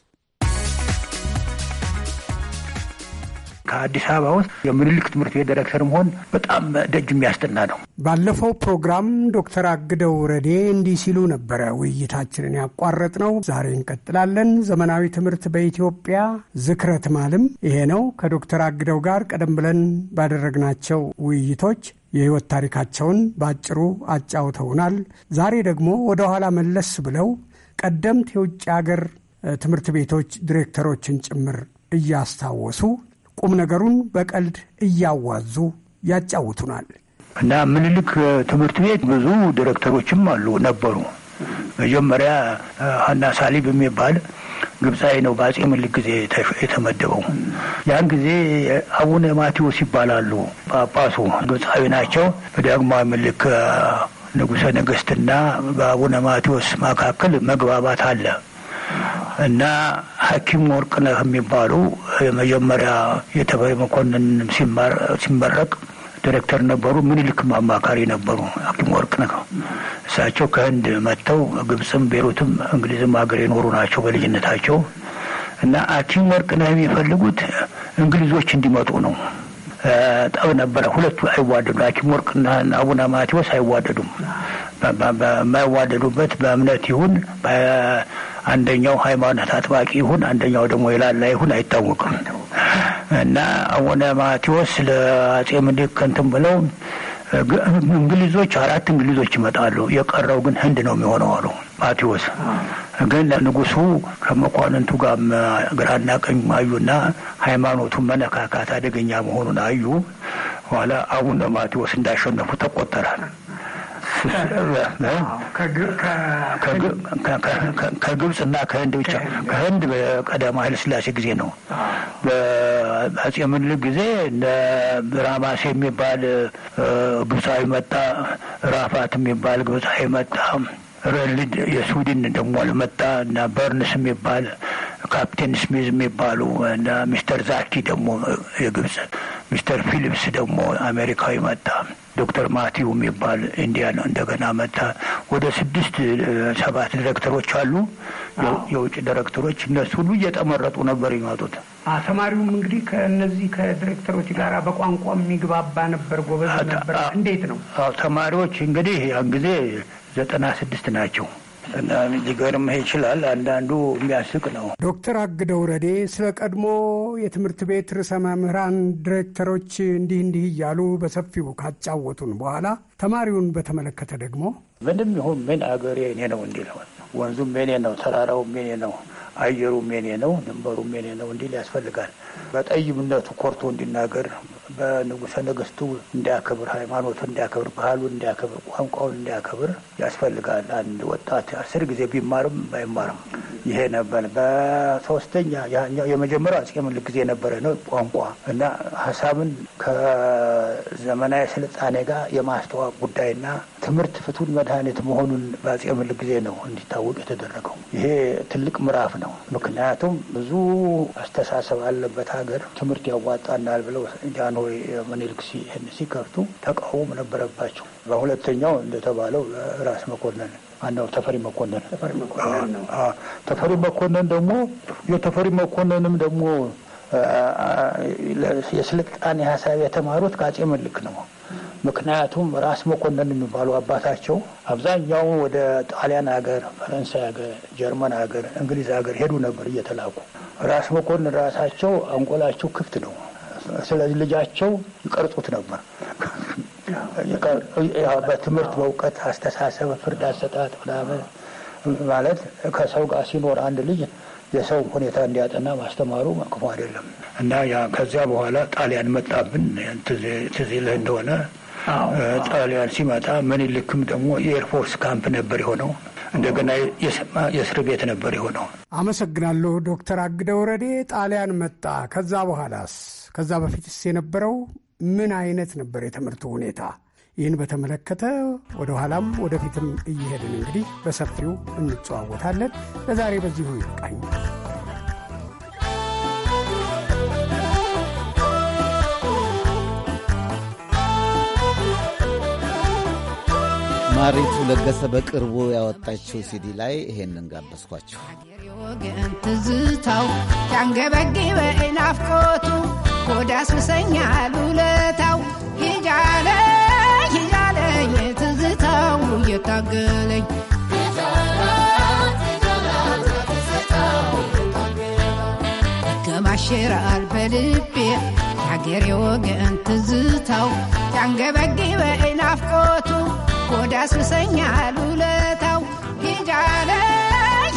ከአዲስ አበባ ውስጥ የምኒልክ ትምህርት ቤት ዳይሬክተር መሆን በጣም ደጅ የሚያስጠና ነው። ባለፈው ፕሮግራም ዶክተር አግደው ረዴ እንዲህ ሲሉ ነበረ ውይይታችንን ያቋረጥ ነው። ዛሬ እንቀጥላለን። ዘመናዊ ትምህርት በኢትዮጵያ ዝክረት ማልም ይሄ ነው። ከዶክተር አግደው ጋር ቀደም ብለን ባደረግናቸው ውይይቶች የህይወት ታሪካቸውን በአጭሩ አጫውተውናል። ዛሬ ደግሞ ወደ ኋላ መለስ ብለው ቀደምት የውጭ ሀገር ትምህርት ቤቶች ዲሬክተሮችን ጭምር እያስታወሱ ቁም ነገሩን በቀልድ እያዋዙ ያጫውቱናል። እና ምኒልክ ትምህርት ቤት ብዙ ዲሬክተሮችም አሉ ነበሩ። መጀመሪያ ሀና ሳሊብ የሚባል ግብፃዊ ነው። በአጼ ምኒልክ ጊዜ የተመደበው ያን ጊዜ አቡነ ማቴዎስ ይባላሉ። ጳጳሱ ግብፃዊ ናቸው። በዳግማዊ ምኒልክ ንጉሰ ነገስትና በአቡነ ማቴዎስ መካከል መግባባት አለ። እና ሐኪም ወርቅነህ የሚባሉ የመጀመሪያ የተባይ መኮንን ሲመረቅ ዲሬክተር ነበሩ። ምኒልክም አማካሪ ነበሩ። ሐኪም ወርቅነህ እሳቸው ከህንድ መጥተው ግብፅም፣ ቤሩትም እንግሊዝም ሀገር የኖሩ ናቸው በልጅነታቸው እና ሐኪም ነ የሚፈልጉት እንግሊዞች እንዲመጡ ነው። ጠብ ነበረ። ሁለቱ አይዋደዱ። ሐኪም ወርቅና አቡነ ማቴዎስ አይዋደዱም። በማይዋደዱበት በእምነት ይሁን አንደኛው ሃይማኖት አጥባቂ ይሁን አንደኛው ደግሞ የላላ ይሁን አይታወቅም። እና አቡነ ማቴዎስ ለአጼ ምኒልክ እንትን ብለው እንግሊዞች አራት እንግሊዞች ይመጣሉ፣ የቀረው ግን ህንድ ነው የሚሆነው አሉ ማቴዎስ። ግን ንጉሱ ከመኳንንቱ ጋር ግራና ቀኝ አዩና ሃይማኖቱን መነካካት አደገኛ መሆኑን አዩ። ኋላ አቡነ ማቴዎስ እንዳሸነፉ ተቆጠራል። ከግብፅ እና ከህንድ ብቻ ከህንድ በቀደም በቀዳማዊ ስላሴ ጊዜ ነው። በአጼ ምኒልክ ጊዜ ራማሴ የሚባል ግብፃዊ መጣ። ራፋት የሚባል ግብፃዊ መጣ። ረልድ የስዊድን ደግሞ መጣ እና በርንስ የሚባል ካፕቴን ስሚዝ የሚባሉ እና ሚስተር ዛኪ ደግሞ የግብፅ ሚስተር ፊሊፕስ ደግሞ አሜሪካዊ መጣ። ዶክተር ማቲው የሚባል ኢንዲያ ነው እንደገና መታ ወደ ስድስት ሰባት ዲሬክተሮች አሉ፣ የውጭ ዲሬክተሮች። እነሱ ሁሉ እየጠመረጡ ነበር ይመጡት። ተማሪውም እንግዲህ ከእነዚህ ከዲሬክተሮች ጋር በቋንቋ የሚግባባ ነበር፣ ጎበዝ ነበር። እንዴት ነው ተማሪዎች እንግዲህ ያን ጊዜ ዘጠና ስድስት ናቸው በጣም ሊገርምህ ይችላል። አንዳንዱ የሚያስቅ ነው። ዶክተር አግደው ረዴ ስለ ቀድሞ የትምህርት ቤት ርዕሰ መምህራን ዲሬክተሮች እንዲህ እንዲህ እያሉ በሰፊው ካጫወቱን በኋላ ተማሪውን በተመለከተ ደግሞ ምንም ይሁን ምን አገሬ እኔ ነው እንዲል ወንዙም የኔ ነው፣ ተራራውም የኔ ነው፣ አየሩም የኔ ነው፣ ድንበሩም የኔ ነው እንዲል ያስፈልጋል። በጠይምነቱ ኮርቶ እንዲናገር በንጉሰ ነገስቱ እንዲያከብር፣ ሃይማኖቱን እንዲያከብር፣ ባህሉን እንዲያከብር፣ ቋንቋውን እንዲያከብር ያስፈልጋል። አንድ ወጣት አስር ጊዜ ቢማርም ባይማርም ይሄ ነበር። በሶስተኛ የመጀመሪያው አጼ ምኒልክ ጊዜ የነበረ ነው ቋንቋ እና ሀሳብን ከዘመናዊ ስልጣኔ ጋር የማስተዋወቅ ጉዳይና ትምህርት ፍቱን መድኃኒት መሆኑን በአጼ ምኒልክ ጊዜ ነው እንዲታወቅ የተደረገው። ይሄ ትልቅ ምዕራፍ ነው። ምክንያቱም ብዙ አስተሳሰብ አለበት ሀገር ትምህርት ያዋጣናል ብለው ነው ምኒልክ ይህን ሲከፍቱ ተቃውሞ ነበረባቸው። በሁለተኛው እንደተባለው ራስ መኮንን አናው ተፈሪ መኮንን ተፈሪ መኮንን ደግሞ የተፈሪ መኮንንም ደግሞ የስልጣኔ ሀሳብ የተማሩት ከአጼ ምኒልክ ነው። ምክንያቱም ራስ መኮንን የሚባሉ አባታቸው አብዛኛው ወደ ጣሊያን ሀገር፣ ፈረንሳይ ሀገር፣ ጀርመን ሀገር፣ እንግሊዝ ሀገር ሄዱ ነበር እየተላኩ። ራስ መኮንን ራሳቸው አንጎላቸው ክፍት ነው ስለዚህ ልጃቸው ይቀርጹት ነበር። በትምህርት በእውቀት አስተሳሰብ፣ ፍርድ አሰጣጥ ምናምን ማለት ከሰው ጋር ሲኖር አንድ ልጅ የሰው ሁኔታ እንዲያጠና ማስተማሩ ክፉ አይደለም እና ያ ከዚያ በኋላ ጣሊያን መጣብን። ትዝ ይልህ እንደሆነ ጣሊያን ሲመጣ ይልክም ደግሞ የኤርፎርስ ካምፕ ነበር የሆነው እንደገና የእስር ቤት ነበር የሆነው። አመሰግናለሁ ዶክተር አግደ ወረዴ። ጣሊያን መጣ። ከዛ በኋላስ ከዛ በፊትስ የነበረው ምን አይነት ነበር የትምህርቱ ሁኔታ? ይህን በተመለከተ ወደ ኋላም ወደፊትም እየሄድን እንግዲህ በሰፊው እንጨዋወታለን። ለዛሬ በዚሁ ይቃኛል። ማሪቱ ለገሰ በቅርቡ ያወጣችው ሲዲ ላይ ይሄንን ጋበዝኳችሁ። ወገን ትዝታው ያንገበግበ ናፍቆቱ ቆዳ ስሰኛል ይጃለ ይጃለ የትዝታው እየታገለኝ ገማሽራል በልቤ ያገሬ ወገን ትዝታው ያንገበግበ ናፍቆቱ ቆዳ ስሰኛል ውለታው ይጃለ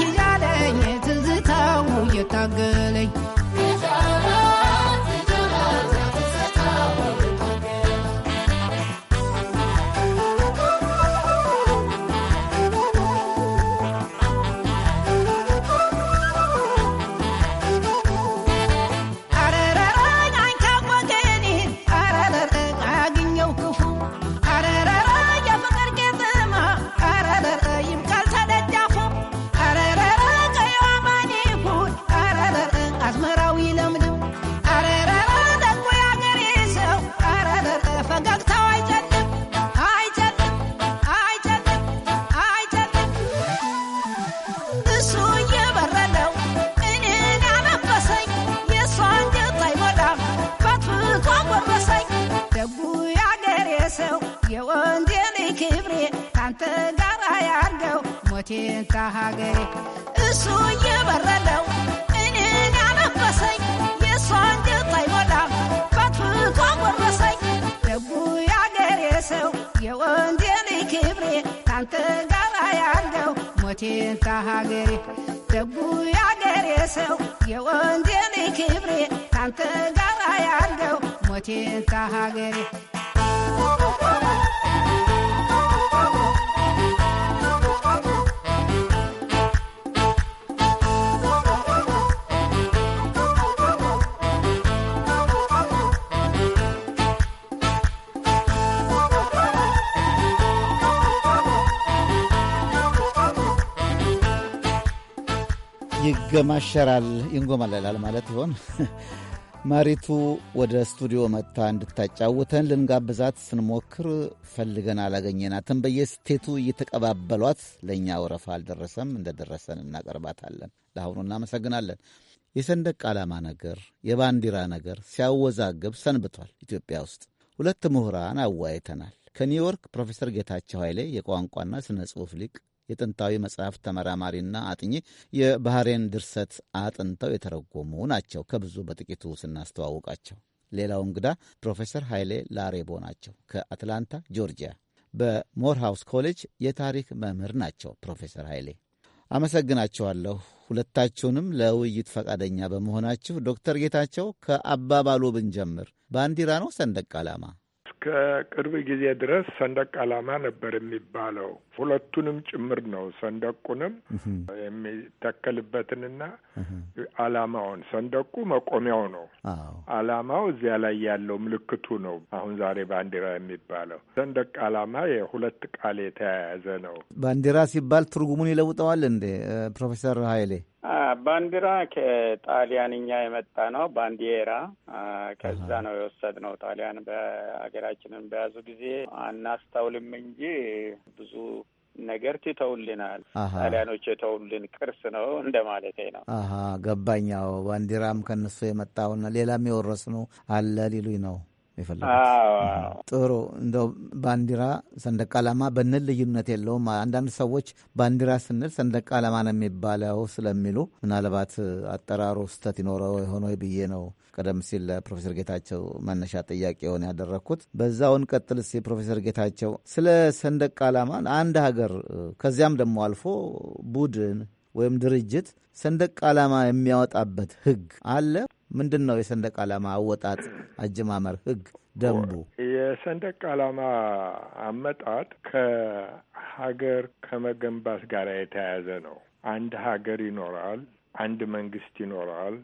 ይጃለኝ ትዝታው እየታገለኝ ይንጎማሸራል ይንጎማለላል ማለት ይሆን? ማሪቱ ወደ ስቱዲዮ መጥታ እንድታጫውተን ልንጋብዛት ስንሞክር ፈልገን አላገኘናትም። በየስቴቱ እየተቀባበሏት ለእኛ ወረፋ አልደረሰም። እንደደረሰን እናቀርባታለን። ለአሁኑ እናመሰግናለን። የሰንደቅ ዓላማ ነገር የባንዲራ ነገር ሲያወዛግብ ሰንብቷል። ኢትዮጵያ ውስጥ ሁለት ምሁራን አወያይተናል። ከኒውዮርክ ፕሮፌሰር ጌታቸው ኃይሌ የቋንቋና ስነ ጽሑፍ ሊቅ የጥንታዊ መጽሐፍ ተመራማሪና አጥኚ የባህሬን ድርሰት አጥንተው የተረጎሙ ናቸው። ከብዙ በጥቂቱ ስናስተዋውቃቸው ሌላው እንግዳ ፕሮፌሰር ኃይሌ ላሬቦ ናቸው። ከአትላንታ ጆርጂያ በሞርሃውስ ኮሌጅ የታሪክ መምህር ናቸው። ፕሮፌሰር ኃይሌ አመሰግናቸዋለሁ ሁለታችሁንም ለውይይት ፈቃደኛ በመሆናችሁ። ዶክተር ጌታቸው ከአባባሉ ብንጀምር ባንዲራ ነው ሰንደቅ ዓላማ? ቅርብ ጊዜ ድረስ ሰንደቅ ዓላማ ነበር የሚባለው። ሁለቱንም ጭምር ነው። ሰንደቁንም የሚተከልበትንና ዓላማውን። ሰንደቁ መቆሚያው ነው። ዓላማው እዚያ ላይ ያለው ምልክቱ ነው። አሁን ዛሬ ባንዲራ የሚባለው ሰንደቅ ዓላማ የሁለት ቃል የተያያዘ ነው። ባንዲራ ሲባል ትርጉሙን ይለውጠዋል እንዴ ፕሮፌሰር ኃይሌ? ባንዲራ ከጣሊያንኛ የመጣ ነው። ባንዲራ ከዛ ነው የወሰድ ነው። ጣሊያን በሀገራችንን በያዙ ጊዜ አናስታውልም እንጂ ብዙ ነገር ትተውልናል። ጣሊያኖች የተውልን ቅርስ ነው እንደ ማለት ነው። ገባኛው ባንዲራም ከነሱ የመጣውና ሌላም የወረስ ነው አለ ሊሉኝ ነው። የፈለጉት። ጥሩ እንደው ባንዲራ ሰንደቅ ዓላማ በንል ልዩነት የለውም። አንዳንድ ሰዎች ባንዲራ ስንል ሰንደቅ ዓላማ ነው የሚባለው ስለሚሉ ምናልባት አጠራሩ ስተት ይኖረው የሆነ ብዬ ነው ቀደም ሲል ለፕሮፌሰር ጌታቸው መነሻ ጥያቄውን ያደረግኩት። በዛውን ቀጥል ሲ ፕሮፌሰር ጌታቸው ስለ ሰንደቅ ዓላማ አንድ ሀገር ከዚያም ደግሞ አልፎ ቡድን ወይም ድርጅት ሰንደቅ ዓላማ የሚያወጣበት ህግ አለ። ምንድን ነው የሰንደቅ ዓላማ አወጣጥ አጀማመር ህግ ደንቡ? የሰንደቅ ዓላማ አመጣጥ ከሀገር ከመገንባት ጋር የተያያዘ ነው። አንድ ሀገር ይኖራል፣ አንድ መንግስት ይኖራል፣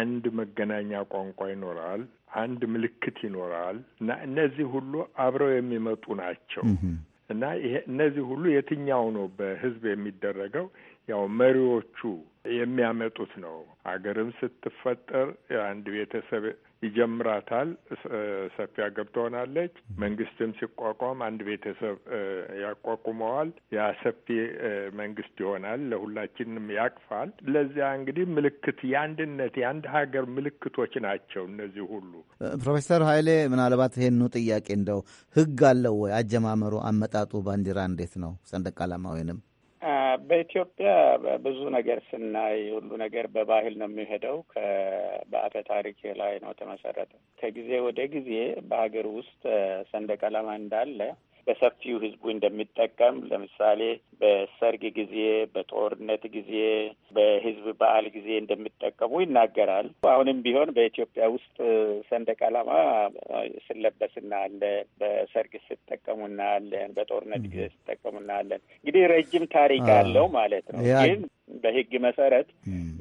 አንድ መገናኛ ቋንቋ ይኖራል፣ አንድ ምልክት ይኖራል እና እነዚህ ሁሉ አብረው የሚመጡ ናቸው እና ይሄ እነዚህ ሁሉ የትኛው ነው በህዝብ የሚደረገው? ያው መሪዎቹ የሚያመጡት ነው ሀገርም ስትፈጠር አንድ ቤተሰብ ይጀምራታል፣ ሰፊ ሀገር ትሆናለች። መንግስትም ሲቋቋም አንድ ቤተሰብ ያቋቁመዋል። ያ ሰፊ መንግስት ይሆናል፣ ለሁላችንም ያቅፋል። ለዚያ እንግዲህ ምልክት የአንድነት የአንድ ሀገር ምልክቶች ናቸው እነዚህ ሁሉ። ፕሮፌሰር ኃይሌ ምናልባት ይሄኑ ጥያቄ እንደው ህግ አለው ወይ? አጀማመሩ አመጣጡ ባንዲራ እንዴት ነው? ሰንደቅ ዓላማ ወይንም በኢትዮጵያ ብዙ ነገር ስናይ ሁሉ ነገር በባህል ነው የሚሄደው። በአፈ ታሪክ ላይ ነው ተመሰረተ። ከጊዜ ወደ ጊዜ በሀገር ውስጥ ሰንደቅ ዓላማ እንዳለ በሰፊው ህዝቡ እንደሚጠቀም ለምሳሌ በሰርግ ጊዜ፣ በጦርነት ጊዜ፣ በህዝብ በዓል ጊዜ እንደሚጠቀሙ ይናገራል። አሁንም ቢሆን በኢትዮጵያ ውስጥ ሰንደቅ ዓላማ ስለበስ እናያለን። በሰርግ ስጠቀሙ እናያለን። በጦርነት ጊዜ ስጠቀሙ እናያለን። እንግዲህ ረጅም ታሪክ አለው ማለት ነው ግን በህግ መሰረት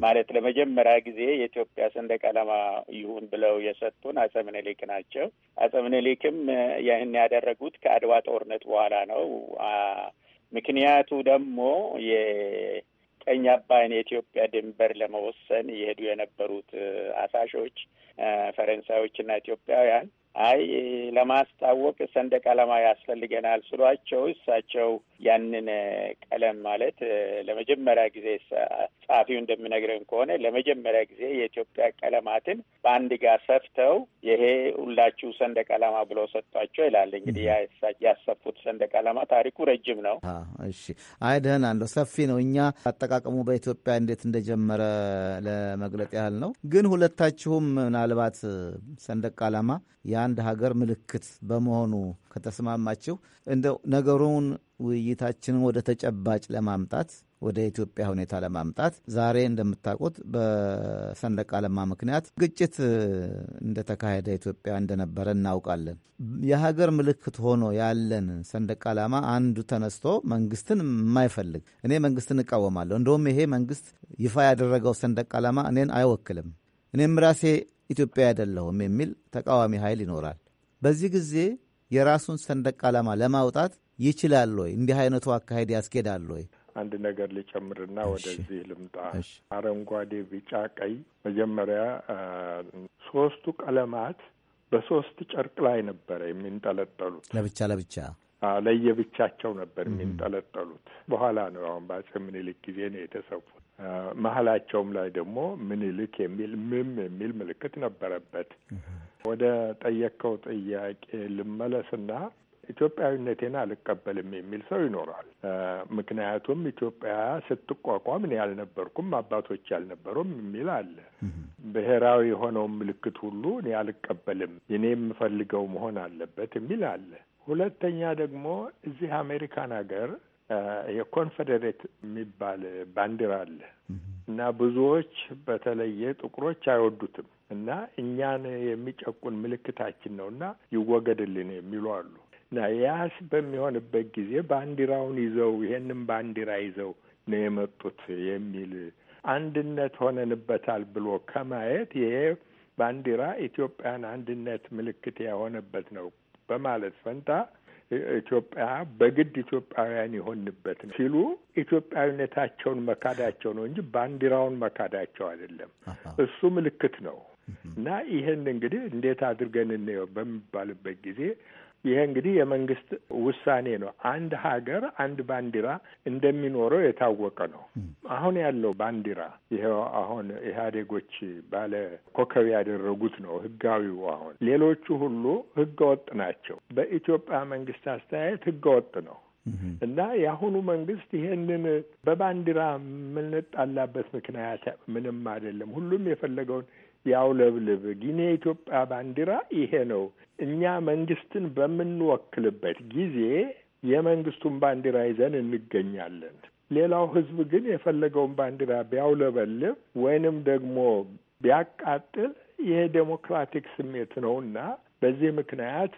ማለት ለመጀመሪያ ጊዜ የኢትዮጵያ ሰንደቅ ዓላማ ይሁን ብለው የሰጡን አጼ ምኒልክ ናቸው። አጼ ምኒልክም ይህን ያደረጉት ከአድዋ ጦርነት በኋላ ነው። ምክንያቱ ደግሞ የቀኝ አባይን የኢትዮጵያ ድንበር ለመወሰን እየሄዱ የነበሩት አሳሾች ፈረንሳዮችና ኢትዮጵያውያን አይ ለማስታወቅ ሰንደቅ ዓላማ ያስፈልገናል ስሏቸው እሳቸው ያንን ቀለም ማለት ለመጀመሪያ ጊዜ ጸሐፊው እንደሚነግረን ከሆነ ለመጀመሪያ ጊዜ የኢትዮጵያ ቀለማትን በአንድ ጋር ሰፍተው ይሄ ሁላችሁ ሰንደቅ ዓላማ ብሎ ሰጥቷቸው ይላል። እንግዲህ ያሰፉት ሰንደቅ ዓላማ ታሪኩ ረጅም ነው። እሺ፣ አይ ደህና ነው፣ ሰፊ ነው። እኛ አጠቃቀሙ በኢትዮጵያ እንዴት እንደጀመረ ለመግለጽ ያህል ነው። ግን ሁለታችሁም ምናልባት ሰንደቅ ዓላማ ያ ለአንድ ሀገር ምልክት በመሆኑ ከተስማማችሁ እንደው ነገሩን ውይይታችንን ወደ ተጨባጭ ለማምጣት ወደ ኢትዮጵያ ሁኔታ ለማምጣት ዛሬ እንደምታውቁት በሰንደቅ ዓላማ ምክንያት ግጭት እንደተካሄደ ኢትዮጵያ እንደነበረ እናውቃለን። የሀገር ምልክት ሆኖ ያለን ሰንደቅ ዓላማ አንዱ ተነስቶ መንግስትን የማይፈልግ እኔ መንግስትን እቃወማለሁ፣ እንደውም ይሄ መንግስት ይፋ ያደረገው ሰንደቅ ዓላማ እኔን አይወክልም፣ እኔም ራሴ ኢትዮጵያ አይደለሁም የሚል ተቃዋሚ ኃይል ይኖራል። በዚህ ጊዜ የራሱን ሰንደቅ ዓላማ ለማውጣት ይችላል ወይ? እንዲህ አይነቱ አካሄድ ያስኬዳል ወይ? አንድ ነገር ልጨምርና ወደዚህ ልምጣ። አረንጓዴ፣ ቢጫ፣ ቀይ መጀመሪያ ሶስቱ ቀለማት በሶስት ጨርቅ ላይ ነበረ የሚንጠለጠሉት ለብቻ ለብቻ ለየብቻቸው ነበር የሚንጠለጠሉት። በኋላ ነው አሁን በአፄ ምኒልክ ጊዜ ነው የተሰፉት። መሀላቸውም ላይ ደግሞ ምኒልክ የሚል ምም የሚል ምልክት ነበረበት። ወደ ጠየቀው ጥያቄ ልመለስና ኢትዮጵያዊነቴን አልቀበልም የሚል ሰው ይኖራል። ምክንያቱም ኢትዮጵያ ስትቋቋም እኔ አልነበርኩም፣ አባቶች አልነበሩም የሚል አለ። ብሔራዊ የሆነውን ምልክት ሁሉ እኔ አልቀበልም፣ እኔ የምፈልገው መሆን አለበት የሚል አለ። ሁለተኛ ደግሞ እዚህ አሜሪካን ሀገር የኮንፌዴሬት የሚባል ባንዲራ አለ እና ብዙዎች በተለየ ጥቁሮች አይወዱትም እና እኛን የሚጨቁን ምልክታችን ነው እና ይወገድልን የሚሉ አሉ እና ያስ በሚሆንበት ጊዜ ባንዲራውን ይዘው ይሄንን ባንዲራ ይዘው ነው የመጡት የሚል አንድነት ሆነንበታል ብሎ ከማየት ይሄ ባንዲራ ኢትዮጵያን አንድነት ምልክት የሆነበት ነው በማለት ፈንታ ኢትዮጵያ በግድ ኢትዮጵያውያን የሆንበት ሲሉ ኢትዮጵያዊነታቸውን መካዳቸው ነው እንጂ ባንዲራውን መካዳቸው አይደለም። እሱ ምልክት ነው እና ይህን እንግዲህ እንዴት አድርገን እንየው በሚባልበት ጊዜ ይሄ እንግዲህ የመንግስት ውሳኔ ነው። አንድ ሀገር አንድ ባንዲራ እንደሚኖረው የታወቀ ነው። አሁን ያለው ባንዲራ ይሄው አሁን ኢህአዴጎች ባለ ኮከብ ያደረጉት ነው ህጋዊው። አሁን ሌሎቹ ሁሉ ህገ ወጥ ናቸው። በኢትዮጵያ መንግስት አስተያየት ህገ ወጥ ነው እና የአሁኑ መንግስት ይሄንን በባንዲራ የምንጣላበት ምክንያት ምንም አይደለም። ሁሉም የፈለገውን ያውለብልብ። ጊኔ የኢትዮጵያ ባንዲራ ይሄ ነው። እኛ መንግስትን በምንወክልበት ጊዜ የመንግስቱን ባንዲራ ይዘን እንገኛለን። ሌላው ህዝብ ግን የፈለገውን ባንዲራ ቢያውለበልብ ወይንም ደግሞ ቢያቃጥል ይሄ ዴሞክራቲክ ስሜት ነው እና በዚህ ምክንያት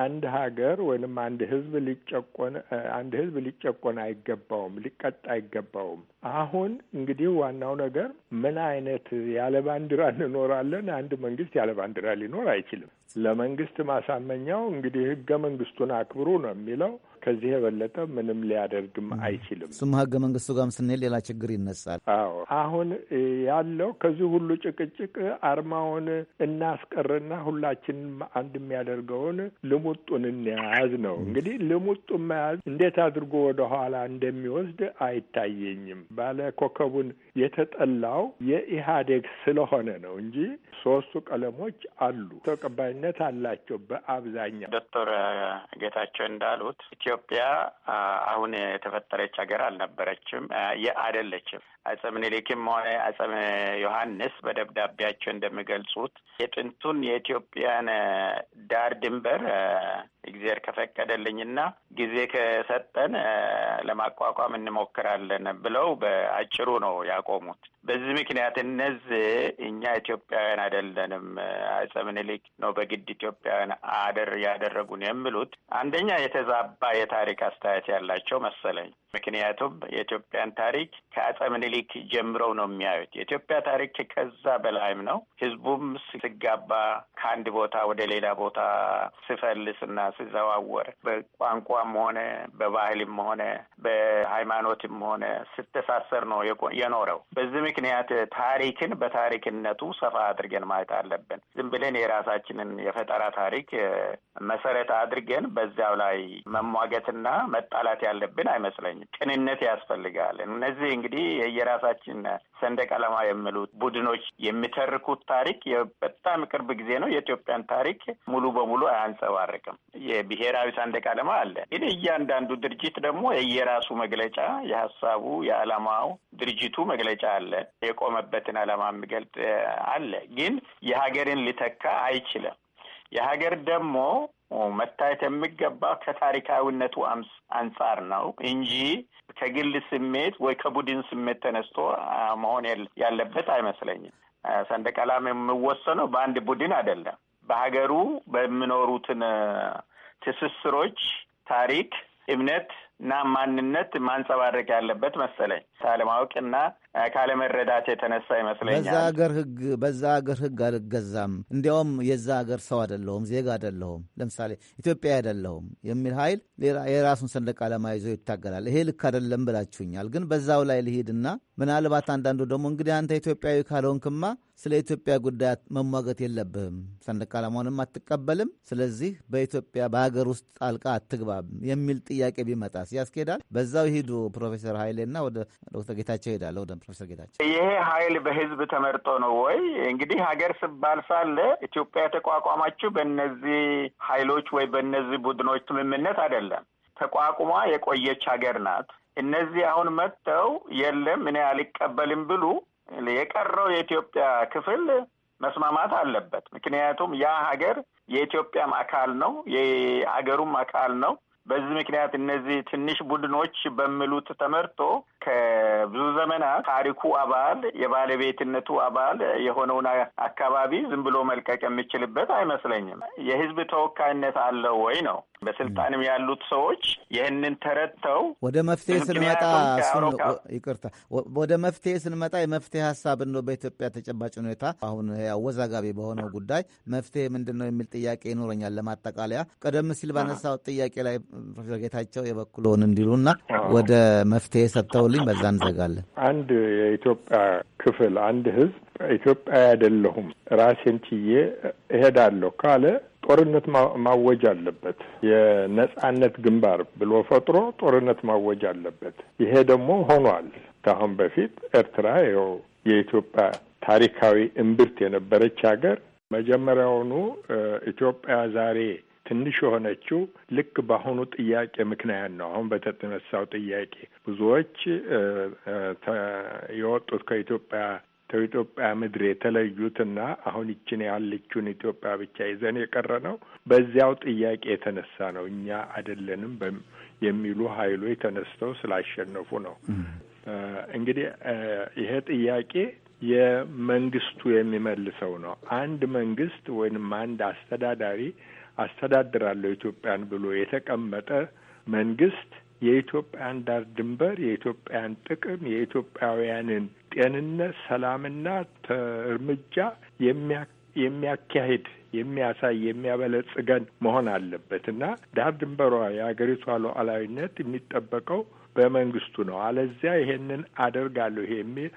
አንድ ሀገር ወይንም አንድ ህዝብ ሊጨቆን አንድ ህዝብ ሊጨቆን አይገባውም፣ ሊቀጥ አይገባውም። አሁን እንግዲህ ዋናው ነገር ምን አይነት ያለ ባንዲራ እንኖራለን? አንድ መንግስት ያለ ባንዲራ ሊኖር አይችልም። ለመንግስት ማሳመኛው እንግዲህ ህገ መንግስቱን አክብሩ ነው የሚለው። ከዚህ የበለጠ ምንም ሊያደርግም አይችልም። እሱም ህገ መንግስቱ ጋርም ስንሄድ ሌላ ችግር ይነሳል። አዎ አሁን ያለው ከዚህ ሁሉ ጭቅጭቅ አርማውን እናስቀርና ሁላችንም አንድ የሚያደርገውን ልሙጡን እንያዝ ነው። እንግዲህ ልሙጡን መያዝ እንዴት አድርጎ ወደኋላ እንደሚወስድ አይታየኝም። ባለ ኮከቡን የተጠላው የኢህአዴግ ስለሆነ ነው እንጂ ሶስቱ ቀለሞች አሉ፣ ተቀባይነት አላቸው በአብዛኛው ዶክተር ጌታቸው እንዳሉት ኢትዮጵያ አሁን የተፈጠረች ሀገር አልነበረችም፣ አይደለችም። አጼ ምኒልክም ሆነ አጼ ዮሐንስ በደብዳቤያቸው እንደሚገልጹት የጥንቱን የኢትዮጵያን ዳር ድንበር እግዜር ከፈቀደልኝና ጊዜ ከሰጠን ለማቋቋም እንሞክራለን ብለው በአጭሩ ነው ያቆሙት። በዚህ ምክንያት እነዚህ እኛ ኢትዮጵያውያን አይደለንም፣ አጼ ምኒልክ ነው በግድ ኢትዮጵያውያን አደር ያደረጉን የሚሉት አንደኛ የተዛባ የታሪክ አስተያየት ያላቸው መሰለኝ። ምክንያቱም የኢትዮጵያን ታሪክ ከአጼ ምኒልክ ምኒልክ ጀምረው ነው የሚያዩት። የኢትዮጵያ ታሪክ ከዛ በላይም ነው። ህዝቡም ሲጋባ ከአንድ ቦታ ወደ ሌላ ቦታ ስፈልስ እና ሲዘዋወር በቋንቋም ሆነ በባህልም ሆነ በሃይማኖትም ሆነ ስተሳሰር ነው የኖረው። በዚህ ምክንያት ታሪክን በታሪክነቱ ሰፋ አድርገን ማየት አለብን። ዝም ብለን የራሳችንን የፈጠራ ታሪክ መሰረት አድርገን በዚያው ላይ መሟገትና መጣላት ያለብን አይመስለኝም። ቅንነት ያስፈልጋል። እነዚህ እንግዲህ የራሳችን ሰንደቅ ዓላማ የሚሉት ቡድኖች የሚተርኩት ታሪክ በጣም ቅርብ ጊዜ ነው። የኢትዮጵያን ታሪክ ሙሉ በሙሉ አያንጸባርቅም። የብሔራዊ ሰንደቅ ዓላማ አለ፣ ግን እያንዳንዱ ድርጅት ደግሞ የየራሱ መግለጫ የሀሳቡ የዓላማው ድርጅቱ መግለጫ አለ፣ የቆመበትን ዓላማ የሚገልጥ አለ። ግን የሀገርን ሊተካ አይችልም። የሀገር ደግሞ መታየት የሚገባ ከታሪካዊነቱ አንጻር ነው እንጂ ከግል ስሜት ወይ ከቡድን ስሜት ተነስቶ መሆን ያለበት አይመስለኝም። ሰንደቅ ዓላማ የሚወሰነው በአንድ ቡድን አይደለም፣ በሀገሩ በሚኖሩትን ትስስሮች፣ ታሪክ፣ እምነት እና ማንነት ማንጸባረቅ ያለበት መሰለኝ። ካለማወቅ ካለመረዳት የተነሳ ይመስለኛል። በዛ ሀገር ህግ በዛ ሀገር ህግ አልገዛም፣ እንዲያውም የዛ ሀገር ሰው አይደለሁም፣ ዜጋ አይደለሁም፣ ለምሳሌ ኢትዮጵያ አይደለሁም የሚል ኃይል የራሱን ሰንደቅ ዓላማ ይዞ ይታገላል። ይሄ ልክ አይደለም ብላችሁኛል። ግን በዛው ላይ ልሂድና ምናልባት አንዳንዱ ደግሞ እንግዲህ አንተ ኢትዮጵያዊ ካልሆንክማ ስለ ኢትዮጵያ ጉዳይ መሟገት የለብህም፣ ሰንደቅ ዓላማውንም አትቀበልም፣ ስለዚህ በኢትዮጵያ በሀገር ውስጥ ጣልቃ አትግባም የሚል ጥያቄ ቢመጣ ያስኬዳል። በዛው ይሄዱ ፕሮፌሰር ኃይሌና ወደ ዶክተር ጌታቸው ይሄዳለ። ወደ ፕሮፌሰር ጌታቸው ይሄ ኃይል በህዝብ ተመርጦ ነው ወይ? እንግዲህ ሀገር ስባል ሳለ ኢትዮጵያ የተቋቋማችው በእነዚህ ኃይሎች ወይ በእነዚህ ቡድኖች ስምምነት አይደለም። ተቋቁማ የቆየች ሀገር ናት። እነዚህ አሁን መጥተው የለም እኔ አልቀበልም ብሉ የቀረው የኢትዮጵያ ክፍል መስማማት አለበት። ምክንያቱም ያ ሀገር የኢትዮጵያም አካል ነው፣ የአገሩም አካል ነው። በዚህ ምክንያት እነዚህ ትንሽ ቡድኖች በሚሉት ተመርቶ ከብዙ ዘመናት ታሪኩ አባል የባለቤትነቱ አባል የሆነውን አካባቢ ዝም ብሎ መልቀቅ የሚችልበት አይመስለኝም። የህዝብ ተወካይነት አለው ወይ ነው በስልጣንም ያሉት ሰዎች ይህንን ተረድተው ወደ መፍትሄ ስንመጣ ይቅርታ፣ ወደ መፍትሄ ስንመጣ የመፍትሄ ሀሳብ ነው በኢትዮጵያ ተጨባጭ ሁኔታ አሁን አወዛጋቢ በሆነው ጉዳይ መፍትሄ ምንድን ነው የሚል ጥያቄ ይኖረኛል። ለማጠቃለያ ቀደም ሲል ባነሳው ጥያቄ ላይ ፕሮፌሰር ጌታቸው የበኩሎን እንዲሉና ወደ መፍትሄ ሰጥተውልኝ በዛ እንዘጋለን። አንድ የኢትዮጵያ ክፍል አንድ ህዝብ ኢትዮጵያ አይደለሁም ራሴን ችዬ እሄዳለሁ ካለ ጦርነት ማወጅ አለበት። የነጻነት ግንባር ብሎ ፈጥሮ ጦርነት ማወጅ አለበት። ይሄ ደግሞ ሆኗል። ከአሁን በፊት ኤርትራ ይኸው የኢትዮጵያ ታሪካዊ እምብርት የነበረች ሀገር መጀመሪያውኑ ኢትዮጵያ ዛሬ ትንሽ የሆነችው ልክ በአሁኑ ጥያቄ ምክንያት ነው። አሁን በተነሳው ጥያቄ ብዙዎች የወጡት ከኢትዮጵያ ከኢትዮጵያ ምድር የተለዩትና አሁን ይችን ያለችውን ኢትዮጵያ ብቻ ይዘን የቀረ ነው። በዚያው ጥያቄ የተነሳ ነው እኛ አይደለንም የሚሉ ኃይሎች ተነስተው ስላሸነፉ ነው። እንግዲህ ይሄ ጥያቄ የመንግስቱ የሚመልሰው ነው። አንድ መንግስት ወይንም አንድ አስተዳዳሪ አስተዳድራለሁ ኢትዮጵያን ብሎ የተቀመጠ መንግስት የኢትዮጵያን ዳር ድንበር፣ የኢትዮጵያን ጥቅም፣ የኢትዮጵያውያንን ጤንነት፣ ሰላምና እርምጃ የሚያካሄድ የሚያሳይ የሚያበለጽገን መሆን አለበት እና ዳር ድንበሯ የሀገሪቷ ሉዓላዊነት የሚጠበቀው በመንግስቱ ነው። አለዚያ ይሄንን አደርጋለሁ የሚል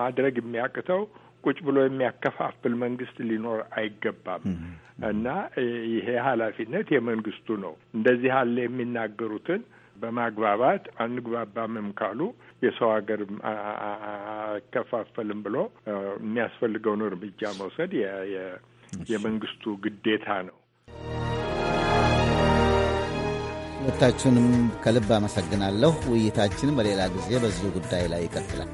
ማድረግ የሚያቅተው ቁጭ ብሎ የሚያከፋፍል መንግስት ሊኖር አይገባም እና ይሄ ኃላፊነት የመንግስቱ ነው። እንደዚህ ያለ የሚናገሩትን በማግባባት አንግባባምም ካሉ የሰው ሀገር አይከፋፈልም ብሎ የሚያስፈልገውን እርምጃ መውሰድ የመንግስቱ ግዴታ ነው። ሁለታችሁንም ከልብ አመሰግናለሁ። ውይይታችንም በሌላ ጊዜ በዚሁ ጉዳይ ላይ ይቀጥላል።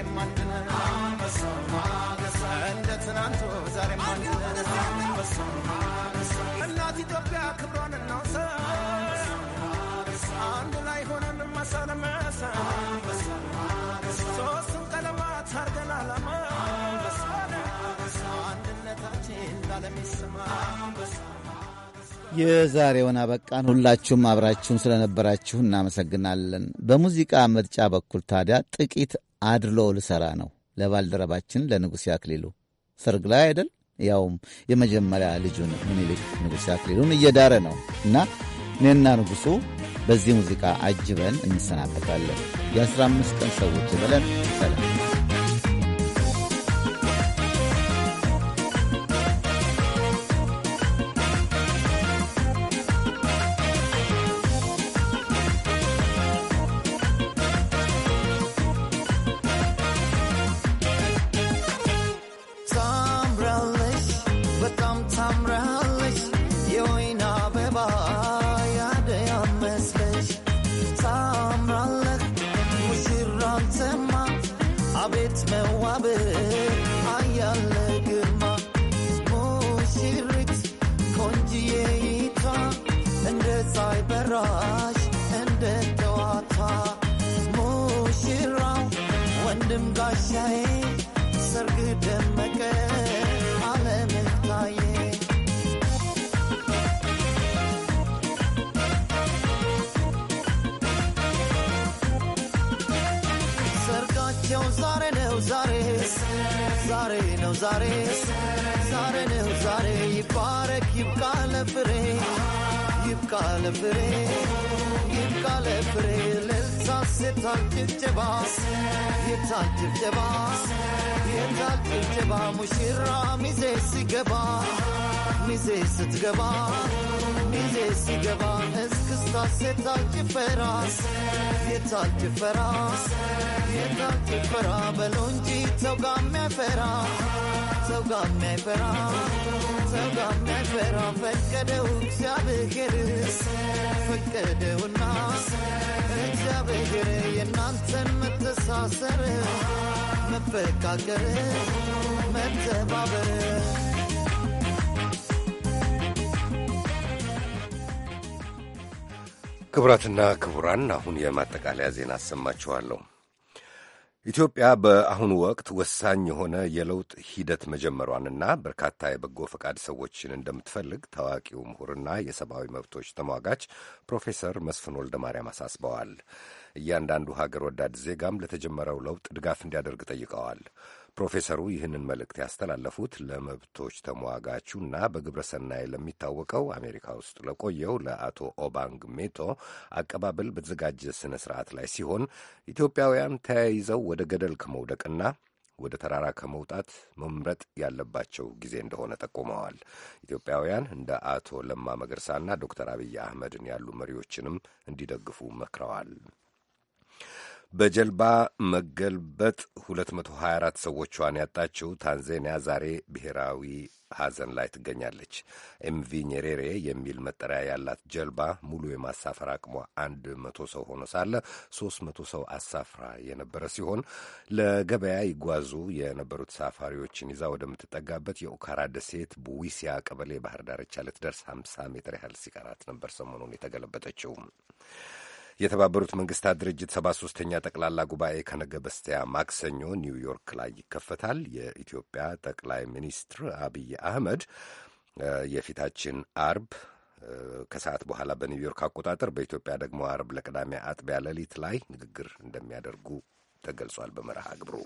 ዛሬም አንድነን እንደ ትናንቱ ዛሬም አንድነን እናት ኢትዮጵያ ክብሯን እናውሳ አንድ ላይ ሆነን ማሳለመሰ ሶስቱም ቀለማት አርገን አላማ አንድነታችን እንዳለም ይሰማ የዛሬውን አበቃን። ሁላችሁም አብራችሁን ስለነበራችሁ እናመሰግናለን። በሙዚቃ ምርጫ በኩል ታዲያ ጥቂት አድሎ ልሰራ ነው ለባልደረባችን ለንጉሴ አክሊሉ ሰርግ ላይ አይደል? ያውም የመጀመሪያ ልጁን ምኒልክ ንጉሴ አክሊሉን እየዳረ ነው እና እኔና ንጉሱ በዚህ ሙዚቃ አጅበን እንሰናበታለን። የ15 ቀን ሰዎች ብለን ሰላም ነው ዛሬ ዛሬ ነው ዛሬ ይባረክ ይብቃ ለፍሬ ይብቃ ለፍሬ ይብቃ ለፍሬ ለዛ ሴታል ጭብጨባ የታል ጭብጨባ የታል ጭብጨባ ሙሽራ ሚዜ ሲገባ ሚዜ ስትገባ ሚዜ ሲገባ Estas የታጅፈራስ የታጅፈራስ የታጅፈራ በለው እንጂ ሰው ጋ የሚያፈራ ሰው ጋ የሚያፈራ ሰው ጋ የሚያፈራ ፈቀደው እግዚአብሔር ፈቀደውና እግዚአብሔር የእናንተን መተሳሰር መፈቃቀር መተባበር ክቡራትና ክቡራን አሁን የማጠቃለያ ዜና አሰማችኋለሁ። ኢትዮጵያ በአሁኑ ወቅት ወሳኝ የሆነ የለውጥ ሂደት መጀመሯንና በርካታ የበጎ ፈቃድ ሰዎችን እንደምትፈልግ ታዋቂው ምሁርና የሰብአዊ መብቶች ተሟጋች ፕሮፌሰር መስፍን ወልደ ማርያም አሳስበዋል። እያንዳንዱ ሀገር ወዳድ ዜጋም ለተጀመረው ለውጥ ድጋፍ እንዲያደርግ ጠይቀዋል። ፕሮፌሰሩ ይህንን መልእክት ያስተላለፉት ለመብቶች ተሟጋቹና በግብረ ሰናይ ለሚታወቀው አሜሪካ ውስጥ ለቆየው ለአቶ ኦባንግ ሜቶ አቀባበል በተዘጋጀ ስነ ስርዓት ላይ ሲሆን ኢትዮጵያውያን ተያይዘው ወደ ገደል ከመውደቅና ወደ ተራራ ከመውጣት መምረጥ ያለባቸው ጊዜ እንደሆነ ጠቁመዋል። ኢትዮጵያውያን እንደ አቶ ለማ መገርሳና ዶክተር አብይ አህመድን ያሉ መሪዎችንም እንዲደግፉ መክረዋል። በጀልባ መገልበጥ 224 ሰዎቿን ያጣችው ታንዛኒያ ዛሬ ብሔራዊ ሐዘን ላይ ትገኛለች። ኤምቪ ኔሬሬ የሚል መጠሪያ ያላት ጀልባ ሙሉ የማሳፈር አቅሟ አንድ መቶ ሰው ሆኖ ሳለ ሶስት መቶ ሰው አሳፍራ የነበረ ሲሆን ለገበያ ይጓዙ የነበሩ ተሳፋሪዎችን ይዛ ወደምትጠጋበት የኡካራ ደሴት ቡዊሲያ ቀበሌ ባህር ዳርቻ ልትደርስ 50 ሜትር ያህል ሲቀራት ነበር ሰሞኑን የተገለበጠችው። የተባበሩት መንግስታት ድርጅት ሰባ ሶስተኛ ጠቅላላ ጉባኤ ከነገ በስቲያ ማክሰኞ ኒውዮርክ ላይ ይከፈታል። የኢትዮጵያ ጠቅላይ ሚኒስትር አብይ አህመድ የፊታችን አርብ ከሰዓት በኋላ በኒውዮርክ አቆጣጠር በኢትዮጵያ ደግሞ አርብ ለቅዳሜ አጥቢያ ሌሊት ላይ ንግግር እንደሚያደርጉ ተገልጿል በመርሃ ግብሩ።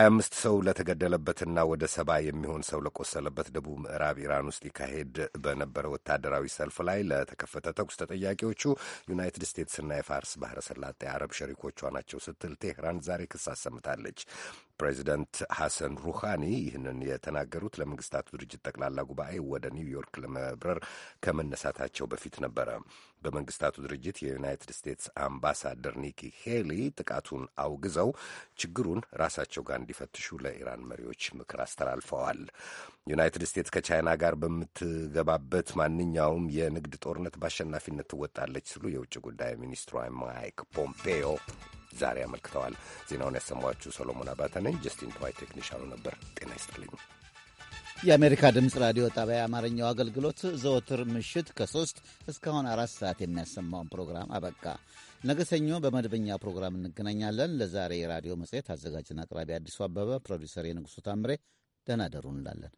አምስት ሰው ለተገደለበትና ወደ ሰባ የሚሆን ሰው ለቆሰለበት ደቡብ ምዕራብ ኢራን ውስጥ ይካሄድ በነበረ ወታደራዊ ሰልፍ ላይ ለተከፈተ ተኩስ ተጠያቂዎቹ ዩናይትድ ስቴትስና የፋርስ ባህረ ሰላጤ አረብ ሸሪኮቿ ናቸው ስትል ቴህራን ዛሬ ክስ አሰምታለች። ፕሬዚደንት ሐሰን ሩሃኒ ይህንን የተናገሩት ለመንግስታቱ ድርጅት ጠቅላላ ጉባኤ ወደ ኒውዮርክ ለመብረር ከመነሳታቸው በፊት ነበረ። በመንግስታቱ ድርጅት የዩናይትድ ስቴትስ አምባሳደር ኒኪ ሄሊ ጥቃቱን አውግዘው ችግሩን ራሳቸው ጋር እንዲፈትሹ ለኢራን መሪዎች ምክር አስተላልፈዋል። ዩናይትድ ስቴትስ ከቻይና ጋር በምትገባበት ማንኛውም የንግድ ጦርነት በአሸናፊነት ትወጣለች ሲሉ የውጭ ጉዳይ ሚኒስትሯ ማይክ ፖምፔዮ ዛሬ አመልክተዋል። ዜናውን ያሰማችሁ ሰሎሞን አባተ ነኝ። ጀስቲን ፖይ ቴክኒሻኑ ነበር። ጤና ይስጥልኝ። የአሜሪካ ድምፅ ራዲዮ ጣቢያ የአማርኛው አገልግሎት ዘወትር ምሽት ከሶስት እስካሁን አራት ሰዓት የሚያሰማውን ፕሮግራም አበቃ። ነገ ሰኞ በመደበኛ ፕሮግራም እንገናኛለን። ለዛሬ የራዲዮ መጽሔት አዘጋጅና አቅራቢ አዲሱ አበበ፣ ፕሮዲውሰር የንጉሱ ታምሬ ደህና ደሩ እንላለን።